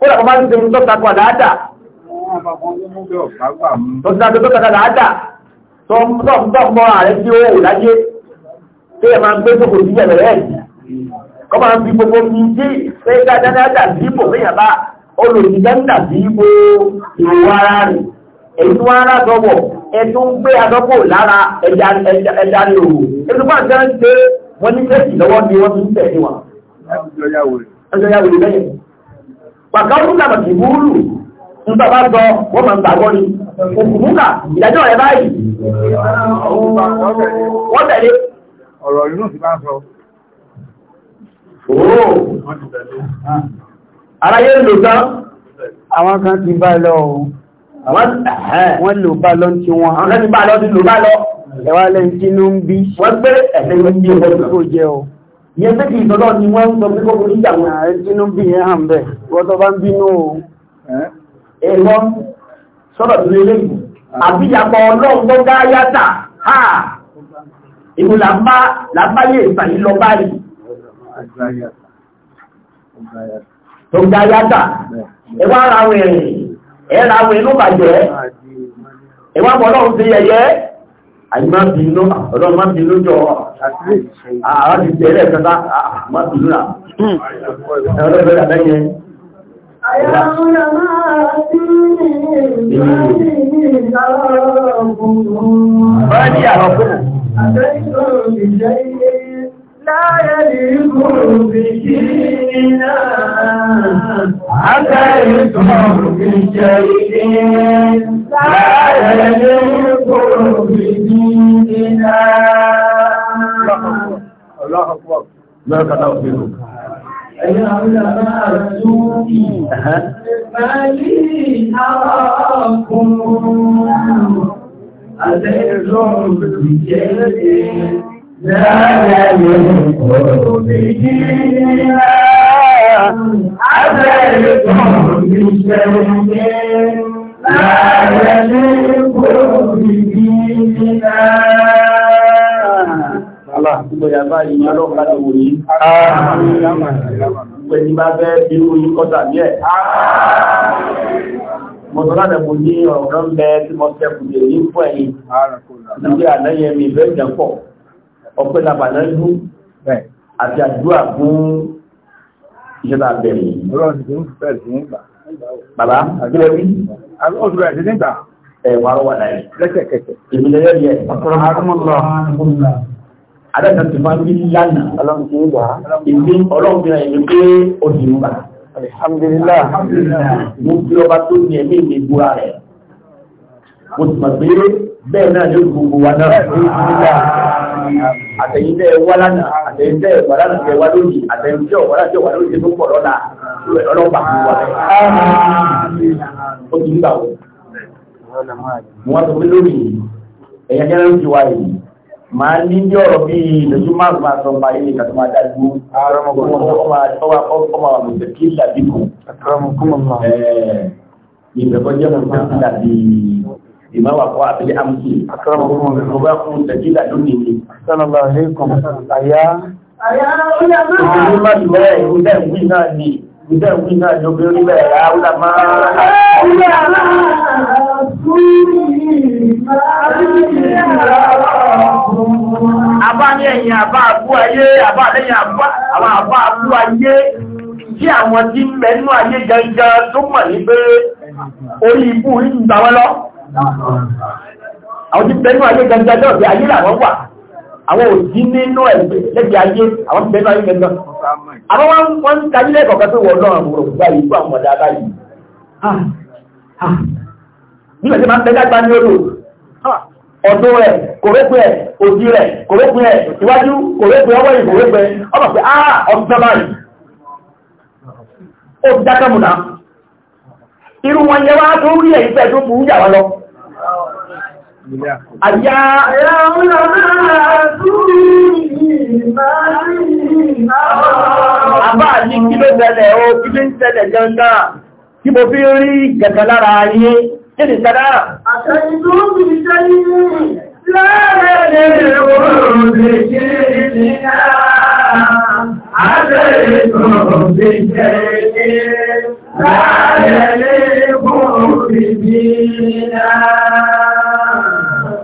Ó dàbò máa ń tẹ́ mú tọ́ta kọ̀ láádà. Tọ́ta tó tọ́ta láádà, tọ́ mọ́ ààrẹ tí ó wò láyé tí ẹ máa ń gbé gbogbo sí ẹ̀rẹ̀ ẹ̀ kọ́ máa ń fi gbogbo fi dé pé dáadáa dàbí ipò fẹ́yàn bá olùdíjẹ́ ń dàbí ipò ìròwò ara rẹ̀ èyí tó wá rà dọ́wọ̀ ẹ̀tú ń gbé adọ́gbò lára ẹja ní òwò ẹ̀tú bá jẹ́ ń gbé wọn ní kéèkì lọ́wọ́ ni wọ́n ti ń tẹ̀ níwà. ẹjọ́ yàwó rẹ̀ lẹ́yìn. pàkàwọ́ tó dàgbà sí búrú nígbà bá sọ wọ́n máa ń gbàgbọ́ ni òkùnkùn kà ìdájọ́ rẹ̀ báyìí. wọ́n tẹ̀lé ọ̀rọ̀ inú ti bá ń sọ. Aráyé lò tán. Àwọn kan ti bá lọ ohun. Wọ́n lò bá lọ tí wọ́n. Àwọn kan ti bá lọ ti lò bá lọ. Ẹwà lẹ́yìn tí ló ń bí. Wọ́n gbé ẹ̀sẹ̀ ìwọ̀n tí ó jẹ́ ọ. Ìyẹn pé kì ìtọ́lọ́ ni wọ́n ń sọ pé kó borí ìjàwọn. Ààrẹ tí ló ń bí yẹn hàn bẹ́ẹ̀. Wọ́n tó bá ń bínú o. Ẹ̀rọ sọ́dọ̀ tó lé lẹ́yìn. Àbíyàpọ̀ ọlọ́run tó gá yátà ìlú làbáyé ìsàyí lọ báyìí tó gba yáta ẹwà ara rìnrìn ẹ̀rà àwọn inú bàjẹ́ ẹwà bọ́ lọ́run sí yẹyẹ àyíká bínú ọlọ́run má bínú jọ àwọn ti tẹ̀lé ẹ̀kẹta má bínú rà ẹ̀rọ ìbẹ̀rẹ̀ àbẹ́yẹn Bọ́lá ní àwọn fún. Àtẹ́sọ̀ ìjẹ́ ilé láyé ní kò bí kí náà. Àtẹ́sọ̀ ìjẹ́ ilé láyé ní kò bí kí náà. Ọlọ́run pọ̀. Mẹ́rin kàtà òfin lò. يا رسولي ما لي أراكم عليكم بجلدي لا يليق به عليكم بشيء لا يليق به Allah gbogbo yàbá yìí ọlọ́pàá lò yìí. Gbogbo ẹni bá fẹ́ bírú yìí kọ́ta bí ẹ̀. Mọ̀tọ́lá dẹ̀ mo ní ọ̀rọ̀ ń bẹ tí mo fẹ́ kùdè ní fún ẹ̀yìn. Nígbà àlẹ́yẹ mi ìfẹ́ jẹ́ pọ̀. Ọpẹ́ làbàlá ń dún. Àti àdúrà fún ìṣẹ́ta bẹ̀rẹ̀ yìí. Ọlọ́run ti ń fẹ́ sí ń gbà. Bàbá, kílẹ̀ wí. Ọdún ẹ̀ ti ní gbà. Ẹ̀wà rọ̀ wà láyé. Lẹ́sẹ̀kẹsẹ̀. Ìbílẹ̀ yẹ́ adájọ́ ti máa ń rí lánàá ọlọ́run ti ń gbà á ìdí ọlọ́run fi hàn yín pé ó ti ń bà á. Alhamdulillah. Mo fi ọba tó ní ẹ̀mí mi búra rẹ̀. Mo sì mọ̀ pé bẹ́ẹ̀ náà ló gbogbo wa náà. Àtẹ̀yìn tẹ́ wá lánàá, àtẹ̀yìn wà lánàá tẹ́ wá lónìí, àtẹ̀yìn wà lánàá tó pọ̀ lọ́la. Ọlọ́pàá máa ní bí ọ̀rọ̀ bí ìlẹ́jú márùn-ún máa sọ máa yìí nìkan tó máa dájú ọmọ àmọ̀tẹ̀ kí làbí kù ìbẹ̀kọ́ jẹ́ mọ̀ sí làbí ìmáwàkọ́ àbílẹ̀ àmúkì ọba kún tẹ̀kí làdó nìyí. sọ́nàbà àlékún àyá. àyá ó yà bẹ́ẹ̀. ìdílé má ti bẹ́ẹ̀ ìwúdẹ̀ ìwú náà ni ìwúdẹ̀ ìwú náà ó là máa. ìwúdẹ̀ àlá máa ń yára àbá ní ẹ̀yìn àbá àbú ayé àbá lẹ́yìn àwọn àbá àbú ayé tí àwọn tí mẹ́nú ayé gangan tó mọ̀ ní pé orí ibú ìgbà wọn lọ àwọn tí mẹ́nú ayé gangan náà bí ayé làwọn wà àwọn òjí nínú ẹ̀gbẹ̀ lẹ́gbẹ̀ ayé àwọn ọdún rẹ̀ kòrékùn ẹ̀ òjì rẹ̀ kòrékùn ẹ ìwájú kòrékùn ọwọ́ ìbò rẹ̀ ọmọ pé á ọdún báyìí ó ti dákẹ́ mùnà irú wọn yẹ wá tó rí ẹ̀yí fẹ́ tó burú jà wá lọ àyà àbá ní kí ló ó kí ló ń gangan mo fi rí gẹ̀gẹ̀ kí ni kadára? àtẹ̀yìn tó ń bí iṣẹ́ nínú láàrẹ̀ ẹ̀rẹ̀ òòrùn lè ṣe ìdíyà àtẹ̀yìn tó ń bí iṣẹ́ nínú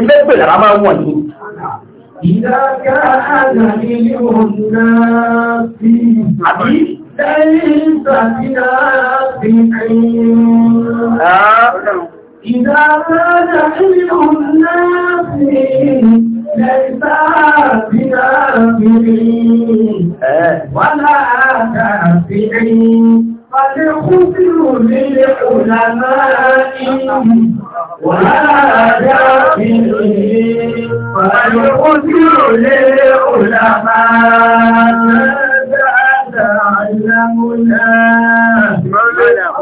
ibẹ́ pè lára máa wọ̀ ní. Ìdáka àjàdí ní òǹdá sí àbí lẹ́yìn ìsàdínà sí ẹ̀yìn. Ìdáka àjàdí ní وهذا به فيقتل للعلماء ماذا تعلمنا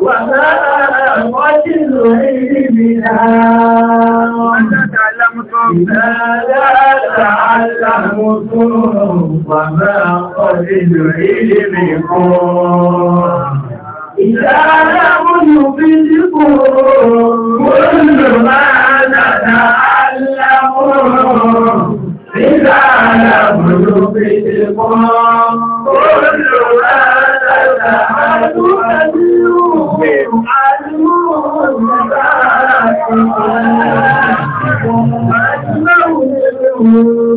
وما قتل علمنا ماذا تعلمتم وما قتل علمكم ìdára múlù bí dípò múlù máa dàdà aláwọ̀ ìdára múlù bí dípò múlù máa dàdà aláwọ̀ Thank you.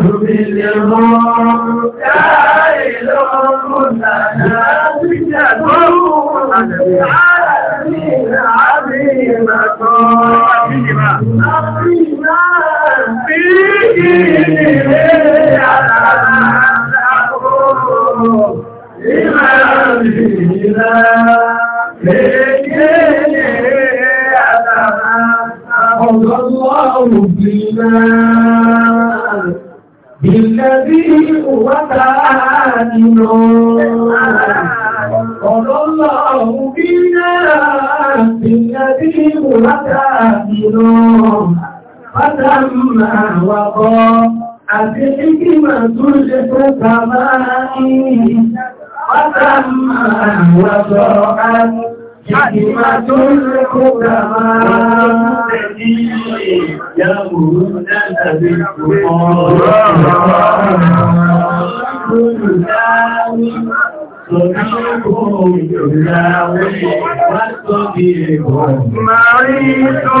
بالمنكر àbọ̀ àti kíkí máa tún lè fẹ́ bàbá yìí wátà máa wàbọ̀ àti kíkí máa tún lè fẹ́ bàbá yìí yàwó náà tàbí ọ̀rọ̀ Màrí tó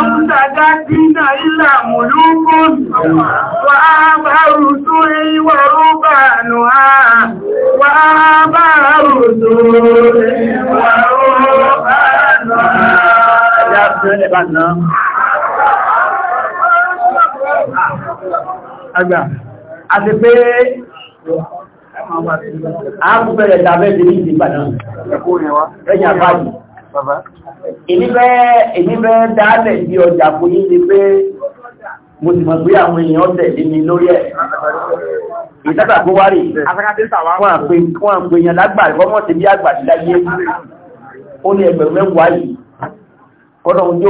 متكبرين إلا ملوك وآباء الرسل ورهبانها وآباء الرسل ورهبانها Àgbà, àti pé a kú bẹ̀rẹ̀ tàbẹ́ ìdí ìgbà náà, ẹ̀yà báyìí bàbá èmi bẹ́ èmi bẹ́ dálẹ̀ bí ọjà kò yí ni pé mo ti mọ̀ pé àwọn èèyàn tẹ̀lé mi lórí ẹ̀ ìtàtà kó wárì wọ́n àpè èèyàn lágbàrí kọ́mọ̀ sí bí àgbàdì láyé ó ní ẹgbẹ̀rún mẹ́wàá yìí kọ́dọ̀ ojú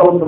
òun bí